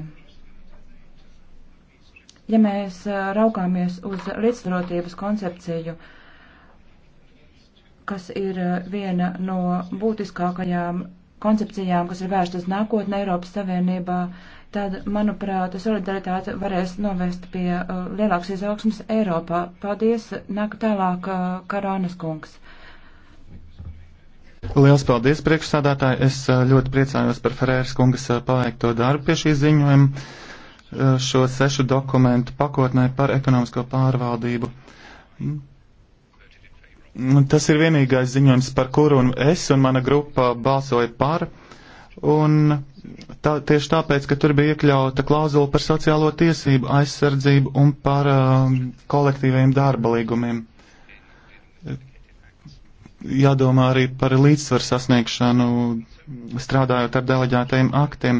Ja mēs eh, raugāmies uz līdzsvarotības koncepciju, kas ir viena no būtiskākajām koncepcijām, kas ir vērsta uz nākotni Eiropas Savienībā, uh, tad, manuprāt, solidaritāte varēs novest pie uh, lielākas izaugsmas Eiropā. Paldies, nāk tālāk uh, Karonas kungs.
Liels paldies, priekšsādātāji. Es uh, ļoti priecājos par Ferēras kungas uh, paveikto darbu pie šī ziņojuma, uh, šo sešu dokumentu pakotnē par ekonomisko pārvaldību. Mm. Mm, tas ir vienīgais ziņojums, par kuru un es un mana grupa balsoja par. Un, uh, tā, tieši tāpēc, ka tur bija iekļauta klauzula par sociālo tiesību aizsardzību un par uh, um, kolektīviem darba līgumiem. Jādomā arī par līdzsvaru sasniegšanu, strādājot ar deleģētajiem aktiem.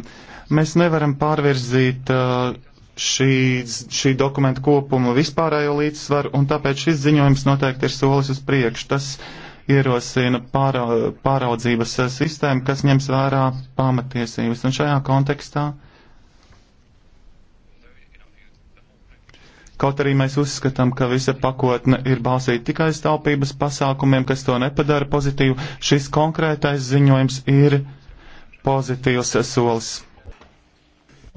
Mēs nevaram pārvirzīt uh, šī, šī dokumenta kopumu vispārējo līdzsvaru, un tāpēc šis ziņojums noteikti ir solis uz priekšu. Tas uh, ierosina pāra, pāraudzības sistēmu, kas ņems vērā pamatiesības. Un šajā kontekstā, kaut arī mēs uzskatām, ka visa pakotne ir balsīta tikai staupības pasākumiem, kas to nepadara pozitīvu, šis konkrētais ziņojums ir pozitīvs solis.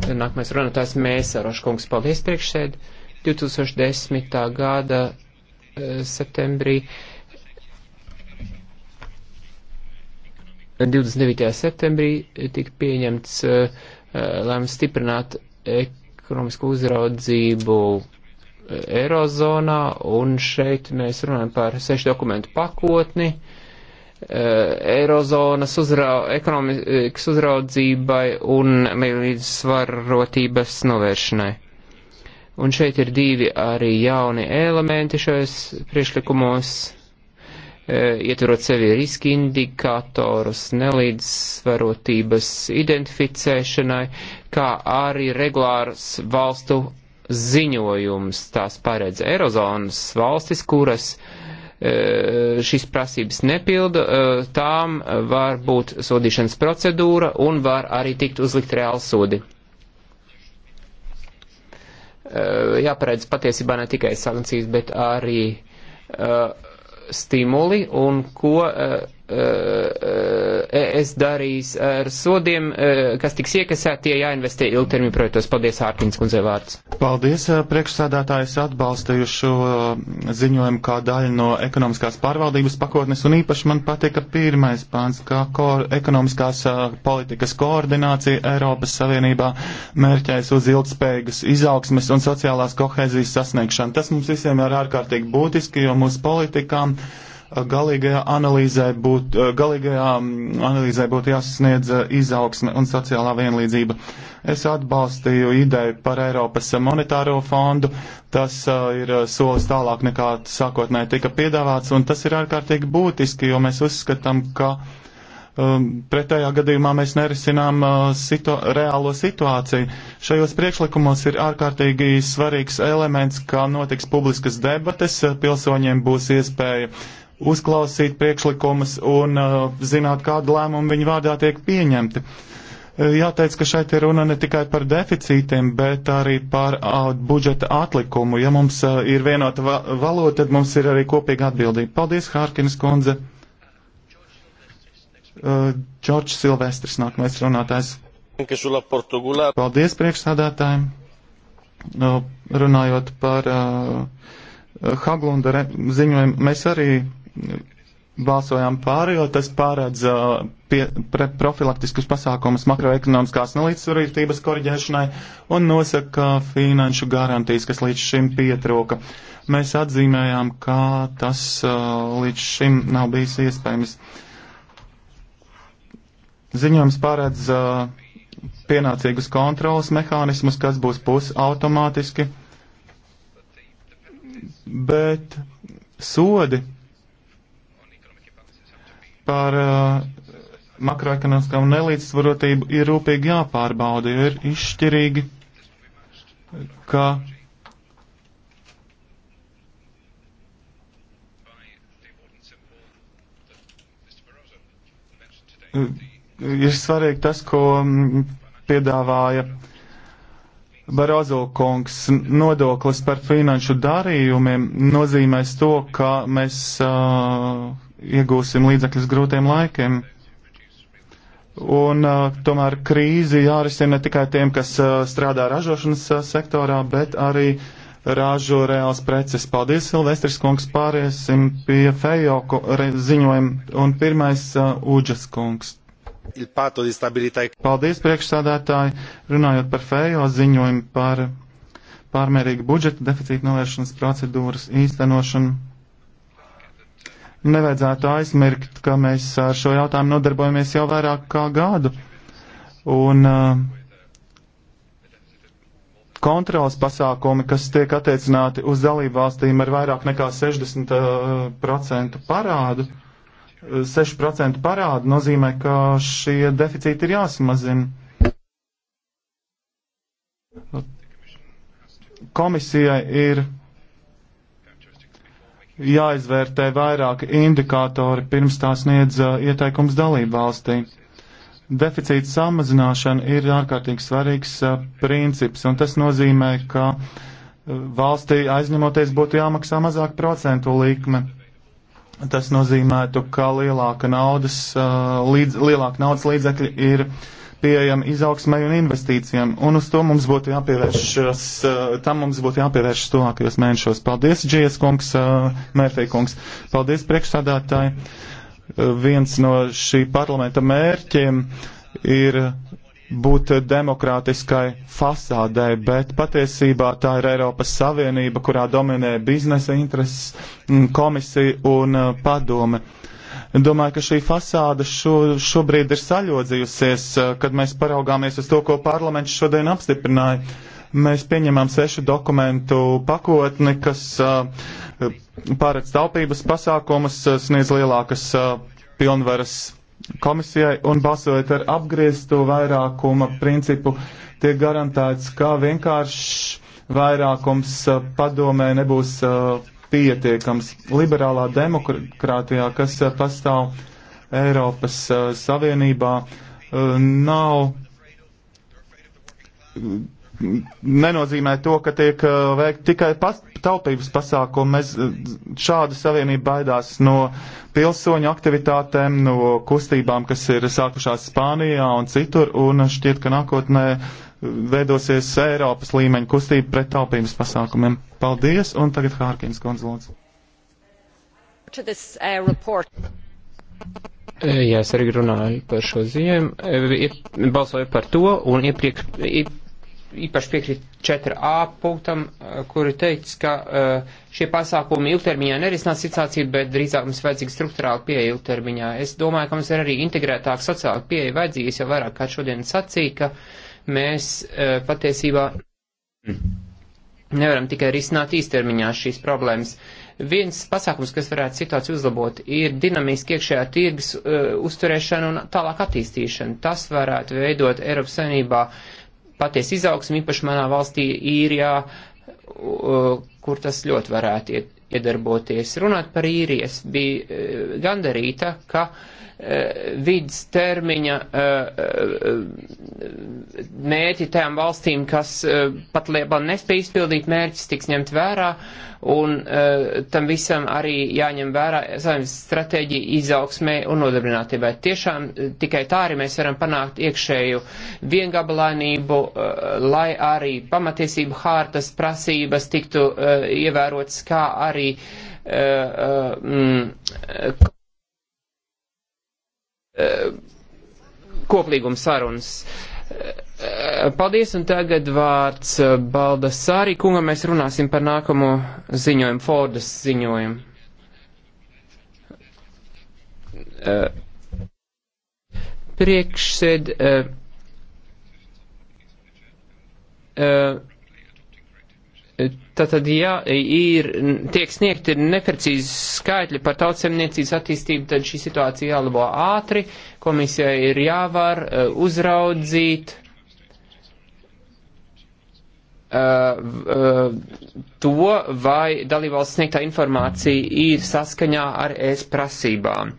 Nākamais runātājs Mēsarošs
kungs, paldies priekšsēdi. 2010. gada eh, septembrī uh, 29. septembrī tika pieņemts uh, lēmums stiprināt ekonomisko uzraudzību eh, Eirozonā, un šeit mēs runājam par sešu dokumentu pakotni. Eirozonas uzra ekonomikas uzraudzībai un līdzsvarotības novēršanai. Un šeit ir divi arī jauni elementi šajos priešlikumos E, ietverot sevi riski indikatorus, nelīdzsvarotības identificēšanai, kā arī regulārs valstu ziņojums. Tās paredz Eirozonas valstis, kuras e, šīs prasības nepilda, e, tām var būt sodīšanas procedūra un var arī tikt uzlikt reāli sodi jāparedz patiesībā ne tikai sankcijas, bet arī uh, stimuli un ko uh, es darīs ar sodiem, kas tiks iekasēti, ja jāinvestē ilgtermiņa projektos. Paldies, Hārkins kundze vārds.
Paldies, priekšsādātājs atbalstīju šo ziņojumu kā daļu no ekonomiskās pārvaldības pakotnes, un īpaši man patika pirmais pāns, kā kor, ekonomiskās politikas koordinācija Eiropas Savienībā mērķēs uz ilgspējīgas izaugsmes un sociālās kohēzijas sasniegšanu. Tas mums visiem ir ārkārtīgi būtiski, jo mūsu politikām galīgajā analīzē būtu, galīgajā analīzē būtu jāsasniedz izaugsme un sociālā vienlīdzība. Es atbalstīju ideju par Eiropas monetāro fondu. Tas ir solis tālāk nekā sākotnēji tika piedāvāts, un tas ir ārkārtīgi būtiski, jo mēs uzskatām, ka um, pretējā gadījumā mēs nerisinām uh, situ reālo situāciju. Šajos priekšlikumos ir ārkārtīgi svarīgs elements, kā notiks publiskas debates, pilsoņiem būs iespēja uh, uzklausīt priekšlikumus un uh, zināt, kādu lēmumu viņu vārdā tiek pieņemti. Uh, jāteic, ka šeit ir runa ne tikai par deficītiem, bet arī par uh, budžeta atlikumu. Ja mums uh, ir vienota va valota, tad mums ir arī kopīga atbildība. Paldies, Hārkins kundze. Čorčs uh, Silvestris nākamais runātājs. Paldies priekšsādātājiem. Nu, runājot par uh, Haglunda ziņojumu, mēs arī balsojām pār, jo tas pārēdz uh, pie, pre, profilaktiskus pasākumus makroekonomiskās nelīdzsvarotības koriģēšanai un nosaka finanšu garantijas, kas līdz šim pietrūka. Mēs atzīmējām, ka tas uh, līdz šim nav bijis iespējams. Ziņojums pārēdz uh, pienācīgus kontrolas mehānismus, kas būs pusautomātiski, bet sodi par uh, eh, makroekonomiskā nelīdzsvarotību ir rūpīgi jāpārbauda, jo ir izšķirīgi, ka eh, ir svarīgi tas, ko mm, piedāvāja Barozo kungs. Nodoklis par finanšu darījumiem nozīmēs to, ka mēs uh, iegūsim līdzekļus grūtiem laikiem. Un uh, tomēr krīzi jārisina ne tikai tiem, kas uh, strādā ražošanas uh, sektorā, bet arī ražo reāls preces. Paldies, Silvestris kungs, pāriesim pie Fejo ziņojuma. Un pirmais uh, Uģas kungs. E- Paldies, priekšsādātāji, runājot par Fejo ziņojumu par pārmērīgu budžeta deficīta novēršanas procedūras īstenošanu nevajadzētu aizmirkt, ka mēs ar šo jautājumu nodarbojamies jau vairāk kā gadu. Un uh, kontrols pasākumi, kas tiek attiecināti uz dalību valstīm ar vairāk nekā 60% uh, parādu, 6% uh, parādu nozīmē, ka šie deficīti ir jāsamazina. Komisijai ir jāizvērtē vairāki indikātori pirms tā sniedz uh, ieteikums dalību valstī. Deficīta samazināšana ir ārkārtīgi svarīgs uh, princips, un tas nozīmē, ka uh, valstī aizņemoties būtu jāmaksā mazāk procentu likme. Tas nozīmētu, ka lielāka naudas, līdz, lielāka naudas līdzekļi ir uh, pieejami izaugsmai un investīcijām, un uz to mums būtu jāpievēršas, uh, tam mums būtu jāpievēršas tuvākajos mēnešos. Paldies, Džies kungs, uh, Mērfī kungs, paldies priekšstādātāji. Uh, viens no šī parlamenta mērķiem ir būt demokrātiskai fasādē, bet patiesībā tā ir Eiropas Savienība, kurā dominē biznesa intereses, mm, komisija un padome Domāju, ka šī fasāde šo, šobrīd ir saļodzījusies, eh, kad mēs paraugāmies uz to, ko parlaments šodien apstiprināja. Mēs pieņemam sešu dokumentu pakotni, kas eh, pārēc taupības pasākumus eh, sniedz lielākas pilnvaras komisijai un balsojot ar apgriezto vairākuma principu, tiek garantēts, ka vienkārši vairākums padomē nebūs uh, pietiekams. Liberālā demokrātijā, kas eh, pastāv Eiropas eh, Savienībā, eh, nav. Mm, nenozīmē to, ka tiek veikt tikai pas, taupības pasākumi. Mēs šāda savienība baidās no pilsoņu aktivitātēm, no kustībām, kas ir sākušās Spānijā un citur, un šķiet, ka nākotnē veidosies Eiropas līmeņa kustība pret taupības pasākumiem. Paldies, un tagad Hārkins konsultants.
Uh,
eh, jā, es arī runāju par šo
ziņojumu. Eh, balsoju par to, un iepriekš, īpaši piekrīt 4a punktam, eh, kur ir teikts, ka šie pasākumi ilgtermiņā nerisinās situāciju, bet drīzāk mums vajadzīga struktūrāla pieeja ilgtermiņā. Es domāju, ka mums ir arī integrētāk sociāla pieeja vajadzīga, jo vairāk kā šodien sacīja, ka Mēs eh, patiesībā nevaram tikai risināt īstermiņā šīs problēmas. Viens pasākums, kas varētu situāciju uzlabot, ir dinamiski iekšējā tirgus uh, uzturēšana un tālāk attīstīšana. Tas varētu veidot Eiropas saimnībā patiesu izaugsmu, īpaši manā valstī īrijā, uh, kur tas ļoti varētu iet, iedarboties. Runāt par īrijas bija uh, gandarīta, ka uh, Eh, vidas termiņa eh, eh, mērķi tām valstīm, kas pat lielā nespēja izpildīt mērķis, tiks ņemt vērā, un tam visam arī jāņem vērā saimnes stratēģija izaugsmē un nodarbinātībai. Tiešām tikai tā arī mēs varam panākt iekšēju viengabalainību, lai arī pamatiesību hārtas prasības tiktu ievērotas, kā arī uh, uh, mm, Eh, koplīguma sarunas. Eh, paldies, un tagad vārds eh, Baldas Sārī kungam. Mēs runāsim par nākamo ziņojumu, Fordas ziņojumu. Priekšsēd. Uh, uh, Tātad, ja ir, tiek sniegti neprecīzi skaitļi par tautsemniecības attīstību, tad šī situācija jālabo ātri, komisijai ir jāvar uh, uzraudzīt uh, uh, to, vai dalībvalsts sniegtā informācija ir saskaņā ar ES prasībām.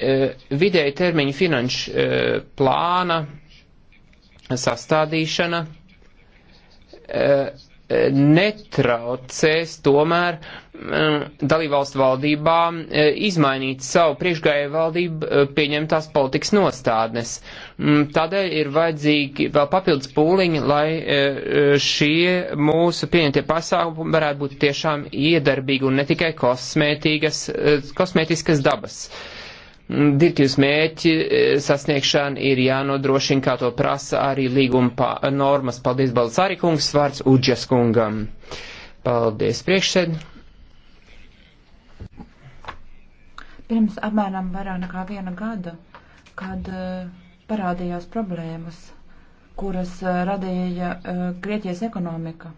Vidēji termiņu finanšu plāna sastādīšana netraucēs tomēr mm, dalībvalstu valdībām eh, izmainīt savu priekšgājēju valdību eh, pieņemtās politikas nostādnes. Mm, tādēļ ir vajadzīgi vēl papildus pūliņi, lai eh, šie mūsu pieņemtie pasākumi varētu būt tiešām iedarbīgi un ne tikai kosmētiskas dabas. Direktīvas mērķi e, sasniegšana ir jānodrošina, kā to prasa arī līguma pa, normas. Paldies, Balcāri kungs, vārds Uģas kungam. Paldies, priekšsēd.
Pirms apmēram vairāk nekā viena gada, kad e, parādījās problēmas, kuras e, radīja Grieķijas ekonomika.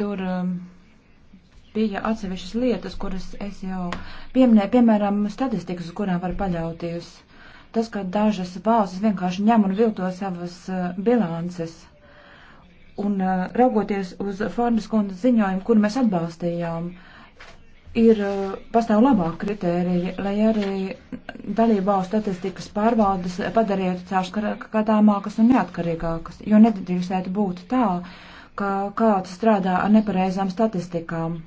Tur um, bija atsevišķas lietas, kuras es jau pieminēju, piemēram, statistikas, uz kurām var paļauties. Tas, ka dažas valstis vienkārši ņem un vilto savas eh, bilances. Un eh, raugoties uz Fārnas kundas ziņojumu, kur mēs atbalstījām, ir eh, pastāv labāk kritērija, lai arī dalībvalstu statistikas pārvaldes padarītu caurskatāmākas un neatkarīgākas, jo nedrīkstētu būt tā, ka kāds strādā ar nepareizām statistikām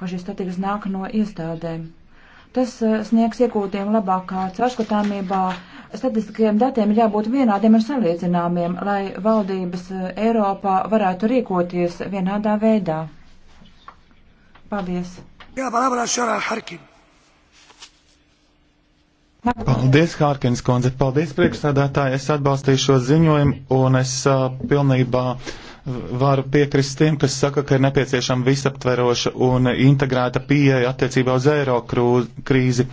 ka šīs statistikas nāk no iestādēm. Tas eh, sniegs iegūtiem labākā caurskatāmībā. Statistiskajiem datiem ir jābūt vienādiem un salīdzināmiem, lai valdības eh, Eiropā varētu rīkoties vienādā veidā. Paldies! Jā, palabra, šorā, Harkin.
Paldies, Hārkins kundze, paldies priekšsādātāji. Es atbalstīšu šo ziņojumu un es uh, pilnībā uh, Varu piekrist tiem, kas saka, ka ir nepieciešama visaptveroša un integrēta pieeja attiecībā uz eiro krīzi.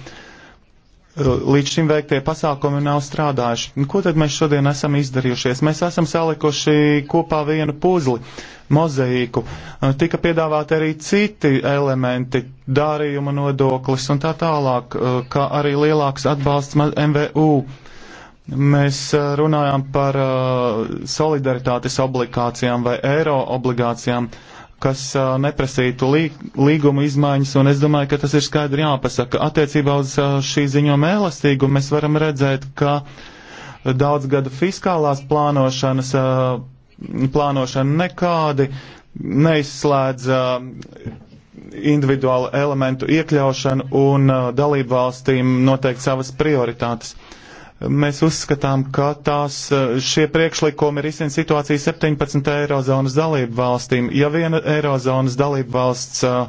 Līdz šim veiktie pasākumi nav strādājuši. Nu, ko tad mēs šodien esam izdarījušies? Mēs esam salikuši kopā vienu puzli, mozaīku. Tika piedāvāti arī citi elementi, dārījuma nodoklis un tā tālāk, kā arī lielāks atbalsts MVU Mēs runājām par solidaritātes obligācijām vai eiro obligācijām, kas neprasītu līguma izmaiņas, un es domāju, ka tas ir skaidri jāpasaka. Attiecībā uz šī ziņojuma elastīgumu mēs varam redzēt, ka daudzgada fiskālās plānošanas plānošana nekādi neizslēdz individuālu elementu iekļaušanu un dalību valstīm noteikt savas prioritātes. Mēs uzskatām, ka tās, eh, šie priekšlikumi risina situāciju 17 eirozonas dalību valstīm. Ja viena eirozonas dalību valsts eh,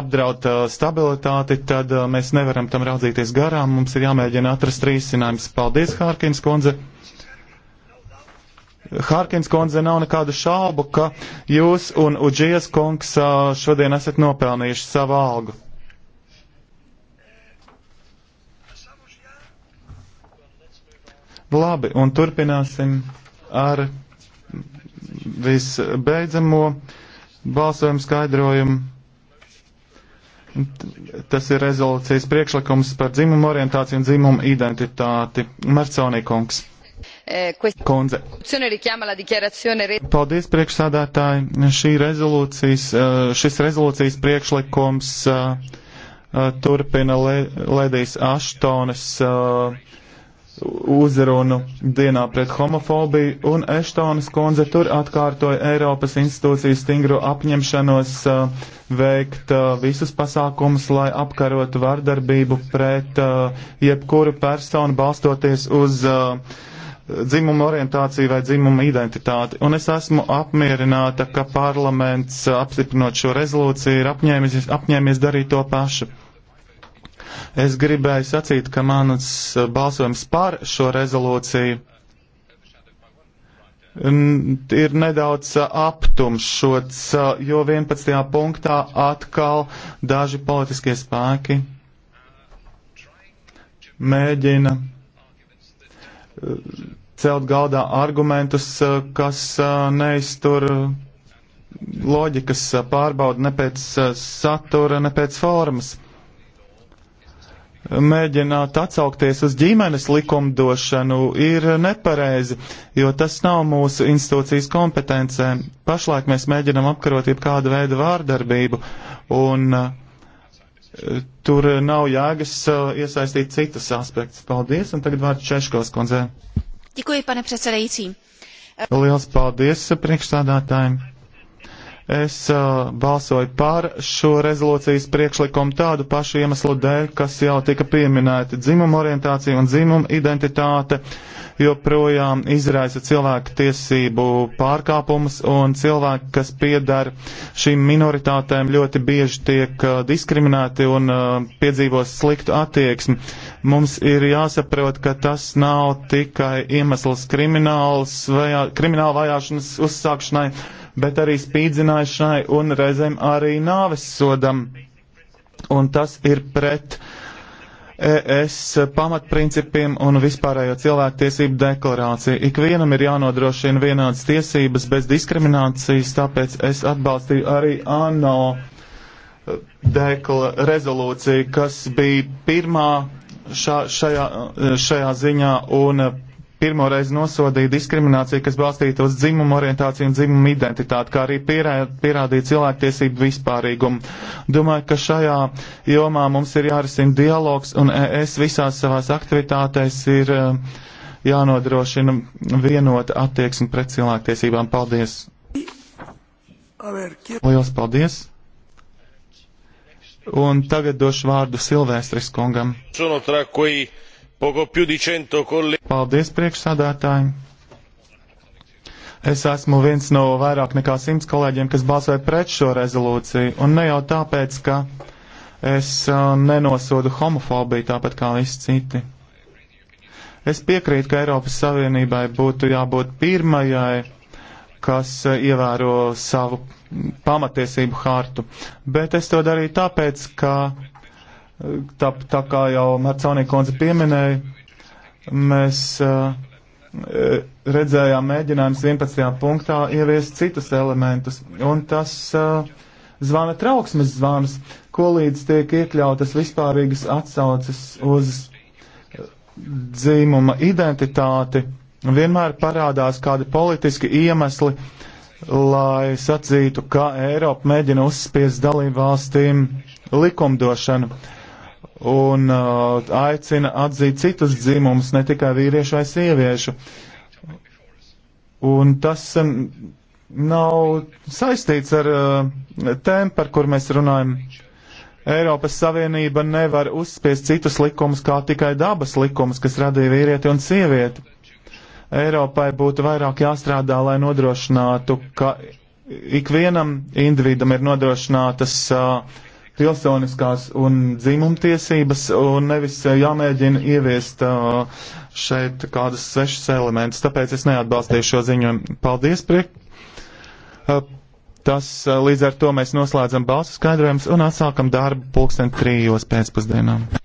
apdraud eh, stabilitāti, tad mēs nevaram tam raudzīties garām. Mums ir jāmēģina atrast risinājums. Paldies, Hārkins kundze! Hārkins kundze nav nekādu šaubu, ka jūs un Uģijas kungs šodien esat nopelnījuši savu algu. Labi, un turpināsim ar visbeidzamo balsojumu skaidrojumu. Tas ir rezolūcijas priekšlikums par dzimumu orientāciju un dzimumu identitāti. Marcaunīkungs. Eh, Konze. Paldies, priekšsādātāji. Šī rezolūcijas, eh, šis rezolūcijas priekšlikums eh, turpina Lēdijas Aštonas. Uh, uzrunu dienā pret homofobiju, un Eštonas kundze tur atkārtoja Eiropas institūciju stingru apņemšanos uh, veikt uh, visus pasākumus, lai apkarotu vardarbību pret uh, jebkuru personu balstoties uz uh, dzimumu orientāciju vai dzimumu identitāti. Un es esmu apmierināta, ka parlaments uh, apstiprinot šo rezolūciju ir apņēmies, apņēmies darīt to pašu. Es gribēju sacīt, ka manas eh, balsojums par šo rezolūciju ir nedaudz eh, aptumšots, eh, jo 11. punktā atkal daži politiskie spēki mēģina celt galdā argumentus, kas neiztur loģikas pārbauda ne pēc satura, ne pēc formas mēģināt atsaukties uz ģimenes likumdošanu ir nepareizi, jo tas nav mūsu institūcijas kompetencē. Pašlaik mēs mēģinam apkarot jebkādu veidu vārdarbību, un eh, tur nav jēgas eh, iesaistīt citas aspektus. Paldies, un tagad vārds Češkos kundzē.
Tikuji, pane predsedajīcī.
Liels paldies eh, priekšstādātājiem. Es uh, balsoju par šo rezolūcijas priekšlikumu tādu pašu iemeslu dēļ, kas jau tika pieminēta. Dzimuma orientācija un dzimuma identitāte joprojām izraisa cilvēku tiesību pārkāpumus, un cilvēki, kas piedara šīm minoritātēm, ļoti bieži tiek uh, diskriminēti un uh, piedzīvos sliktu attieksmi. Mums ir jāsaprot, ka tas nav tikai iemesls krimināls vajā, krimināla vajāšanas uzsākšanai bet arī spīdzināšanai un reizēm arī nāves sodam. Un tas ir pret ES pamatprincipiem un vispārējo cilvēktiesību deklarāciju. Ikvienam ir jānodrošina vienādas tiesības bez diskriminācijas, tāpēc es atbalstīju arī ANO eh, dekla rezolūciju, kas bija pirmā šā, šajā, eh, šajā ziņā un eh, pirmoreiz nosodīja diskrimināciju, kas balstīta uz dzimumu orientāciju un dzimumu identitāti, kā arī pierē, pierādīja cilvēktiesību vispārīgumu. Domāju, ka šajā jomā mums ir jārisina dialogs, un es visās savās aktivitātēs ir eh, jānodrošina vienota attieksme pret cilvēktiesībām. Paldies! Lielas paldies! Un tagad došu vārdu Silvēstris kungam.
Sono tra quei poco più di cento colleghi.
Paldies priekšsādātājiem. Es esmu viens no vairāk nekā simts kolēģiem, kas balsoja pret šo rezolūciju, un ne jau tāpēc, ka es uh, nenosodu homofobiju tāpat kā visi citi. Es piekrītu, ka Eiropas Savienībai būtu jābūt pirmajai, kas uh, ievēro savu pamatiesību hārtu, bet es to darīju tāpēc, ka tā, tā kā jau Marcānija konze pieminēja, mēs uh, redzējām mēģinājums 11. punktā ieviest citus elementus, un tas uh, zvana trauksmes zvans, ko līdz tiek iekļautas vispārīgas atsauces uz eh, dzīmuma identitāti, vienmēr parādās kādi politiski iemesli, lai sacītu, ka Eiropa mēģina uzspiest dalību valstīm likumdošanu. Uh, un uh, aicina atzīt citus dzimumus, ne tikai vīriešu vai sieviešu. Un tas um, nav saistīts ar uh, tēmu, par kur mēs runājam. Eiropas Savienība nevar uzspiest citus likumus kā tikai dabas likumus, kas radīja vīrieti un sievieti. Eiropai būtu vairāk jāstrādā, lai nodrošinātu, ka ikvienam individam ir nodrošinātas uh, pilsoniskās un dzimumtiesības un nevis eh, jāmēģina ieviest eh, šeit kādas svešas elementus. Tāpēc es neatbalstīju šo ziņojumu. Paldies, priek! Eh, tas līdz ar to mēs noslēdzam balsu skaidrojumus un atsākam darbu pulksten trijos pēcpusdienām.